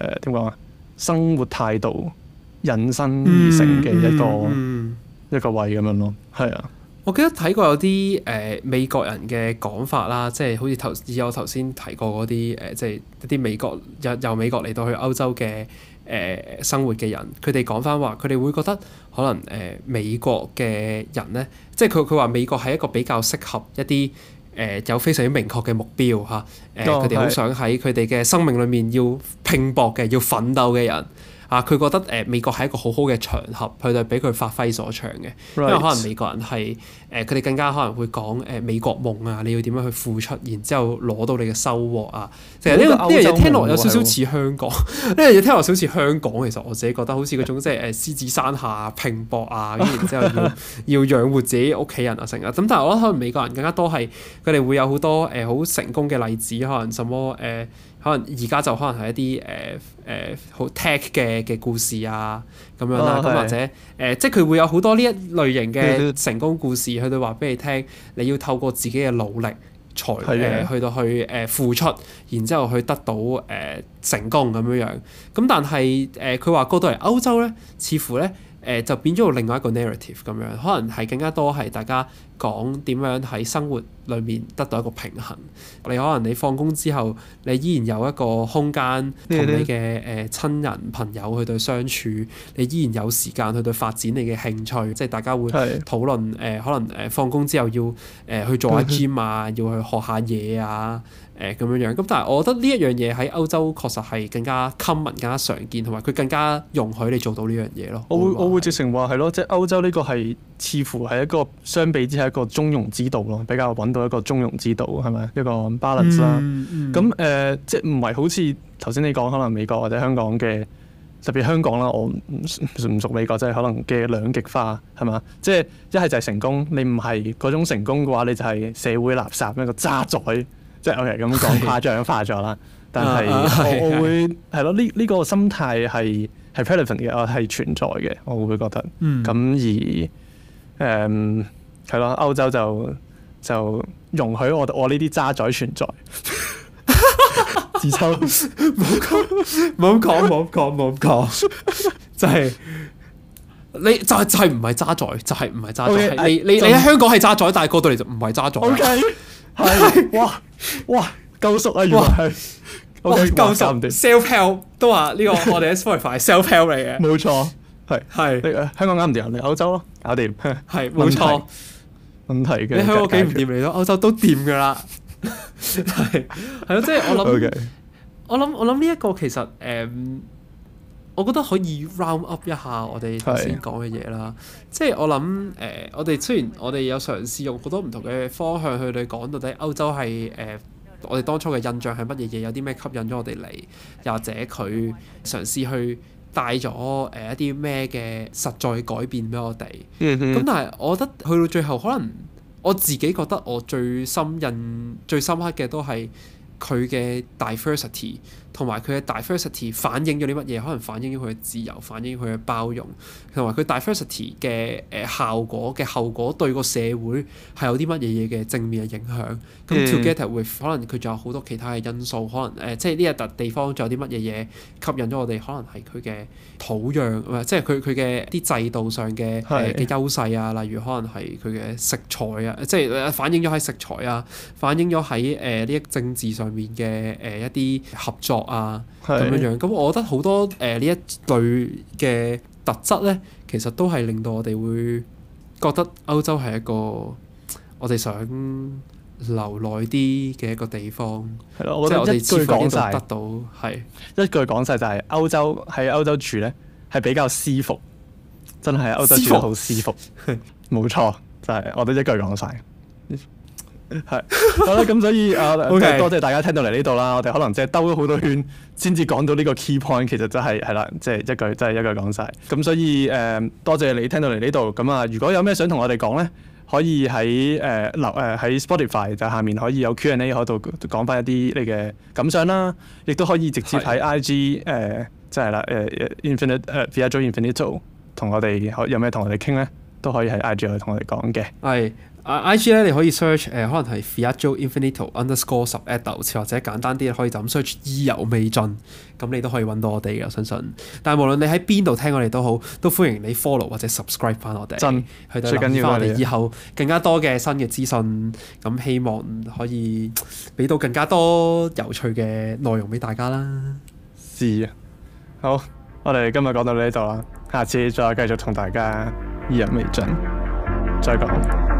點講啊，生活態度引申而成嘅一個、mm hmm. 一個位咁樣咯，係啊。我記得睇過有啲誒美國人嘅講法啦，即係好似頭以我頭先提過嗰啲誒，即係一啲美國由美國嚟到去歐洲嘅誒、呃、生活嘅人，佢哋講翻話，佢哋會覺得可能誒、呃、美國嘅人咧，即係佢佢話美國係一個比較適合一啲誒、呃、有非常之明確嘅目標嚇，誒佢哋好想喺佢哋嘅生命裏面要拼搏嘅，要奮鬥嘅人。啊！佢覺得誒美國係一個好好嘅場合，佢就俾佢發揮所長嘅，Right. 因為可能美國人係誒佢哋更加可能會講誒美國夢啊，你要點樣去付出，然之後攞到你嘅收穫啊！即係呢個啲嘢聽落有少少似香港，啲嘢聽落少少似香港。其實我自己覺得好似嗰種即係誒獅子山下拼搏啊，咁然之後要 要養活自己屋企人啊，成啊！咁但係我覺得可能美國人更加多係佢哋會有好多誒好成功嘅例子，可能什麼誒，呃可能而家就可能係一啲誒誒好 tag 嘅嘅故事啊咁樣啦、啊，咁、哦、或者誒、呃，即係佢會有好多呢一類型嘅成功故事，去到話俾你聽，你要透過自己嘅努力才，才的、呃、去到去誒、呃、付出，然之後去得到誒、呃、成功咁樣樣。咁但係誒，佢、呃、話過到嚟歐洲咧，似乎咧。誒、呃、就變咗到另外一個 narrative 咁樣，可能係更加多係大家講點樣喺生活裏面得到一個平衡。你可能你放工之後，你依然有一個空間同你嘅誒、呃、親人朋友去對相處，你依然有時間去對發展你嘅興趣，即係大家會討論誒、呃，可能誒放工之後要誒、呃、去做下 gym 啊，要去學下嘢啊。誒咁樣樣，咁但係我覺得呢一樣嘢喺歐洲確實係更加 common、更加常見，同埋佢更加容許你做到呢樣嘢咯。我會我，我會直情話係咯，即係歐洲呢個係似乎係一個相比之下一個中庸之道咯，比較揾到一個中庸之道係咪一個 balance 啦？咁誒、嗯，即係唔係好似頭先你講可能美國或者香港嘅，特別香港啦，我唔唔熟美國，即係可能嘅兩極化係嘛？即係一係就係成功，你唔係嗰種成功嘅話，你就係社會垃圾一個渣仔。即係 OK，咁講，誇張化咗啦。但係我會係咯，呢呢個心態係係 relevant 嘅，我係存在嘅。我會覺得咁而誒係咯，歐洲就就容許我我呢啲渣滓存在。自嘲，唔講，唔講，唔講，唔講，就係你，就係就係唔係渣滓，就係唔係渣滓。你你喺香港係渣滓，但係過到嚟就唔係渣滓。係，哇哇，救贖啊，哇原來係，我救贖唔掂，self help 都話呢個我哋係 self help 嚟嘅，冇錯，係係是，香港搞唔掂嚟，歐洲咯，搞掂，係冇錯，問題嘅，你香港幾唔掂嚟都，歐洲都掂㗎喇，係係咯，即係、就是、我諗 Okay.，我諗我諗呢一個其實誒。嗯我覺得可以 round up 一下我哋頭先講嘅嘢啦，的即係我諗誒、呃，我哋雖然我哋有嘗試用好多唔同嘅方向去嚟講到底歐洲係誒、呃，我哋當初嘅印象係乜嘢嘢，有啲咩吸引咗我哋嚟，又或者佢嘗試去帶咗誒、呃、一啲咩嘅實在改變俾我哋。咁 但係我覺得去到最後，可能我自己覺得我最深印、最深刻嘅都係佢嘅 diversity。同埋佢嘅 diversity 反映咗啲乜嘢？可能反映咗佢嘅自由，反映咗佢嘅包容，同埋佢 diversity 嘅誒效果嘅後果對個社會係有啲乜嘢嘢嘅正面嘅影響，咁 together with 可能佢仲有好多其他嘅因素，可能誒、呃、即係呢一笪地方仲有啲乜嘢嘢吸引咗我哋？可能係佢嘅土壤，唔、呃、即係佢佢嘅啲制度上嘅嘅優勢啊，例如可能係佢嘅食材啊，即係反映咗喺食材啊，反映咗喺誒呢一政治上面嘅誒一啲合作。啊，咁樣是樣，咁我覺得好多誒呢、呃、一類嘅特質呢，其實都係令到我哋會覺得歐洲係一個我哋想留耐啲嘅一個地方。係咯，我覺得我哋一次講曬得到。係，一句講晒，是就係歐洲喺歐洲住呢係比較舒服，真係歐洲住得好舒服，冇私服 錯，就係、是、我都一句講晒。係好啦，咁所以誒，多謝大家聽到嚟呢度啦，我哋可能即係兜咗好多圈，先至講到呢個 key point，其實真係係啦，即係、就是、一句真係一句講晒。咁所以誒、嗯，多謝你聽到嚟呢度。咁、嗯、啊，如果有咩想同我哋講咧，可以喺誒留、呃、誒喺、呃、Spotify 就下面可以有 Q and A 喺度講翻一啲你嘅感想啦，亦都可以直接喺 I G 誒，即係啦誒，Infinite 誒，Viaggio Infinito，同我哋有咩同我哋傾咧，都可以喺 I G 同我哋講嘅。係。I G 咧，你可以 search 誒、呃，可能係 Viaggio Infinito underscore subadult 或者簡單啲可以就咁 search 意猶未盡，咁你都可以揾到我哋嘅，我相信。但係無論你喺邊度聽我哋都好，都歡迎你 follow 或者 subscribe 翻我哋。真，最緊要我哋以後更加多嘅新嘅資訊，咁希望可以俾到更加多有趣嘅內容俾大家啦。是啊，好，我哋今日講到呢度啦，下次再繼續同大家意猶未盡，再講。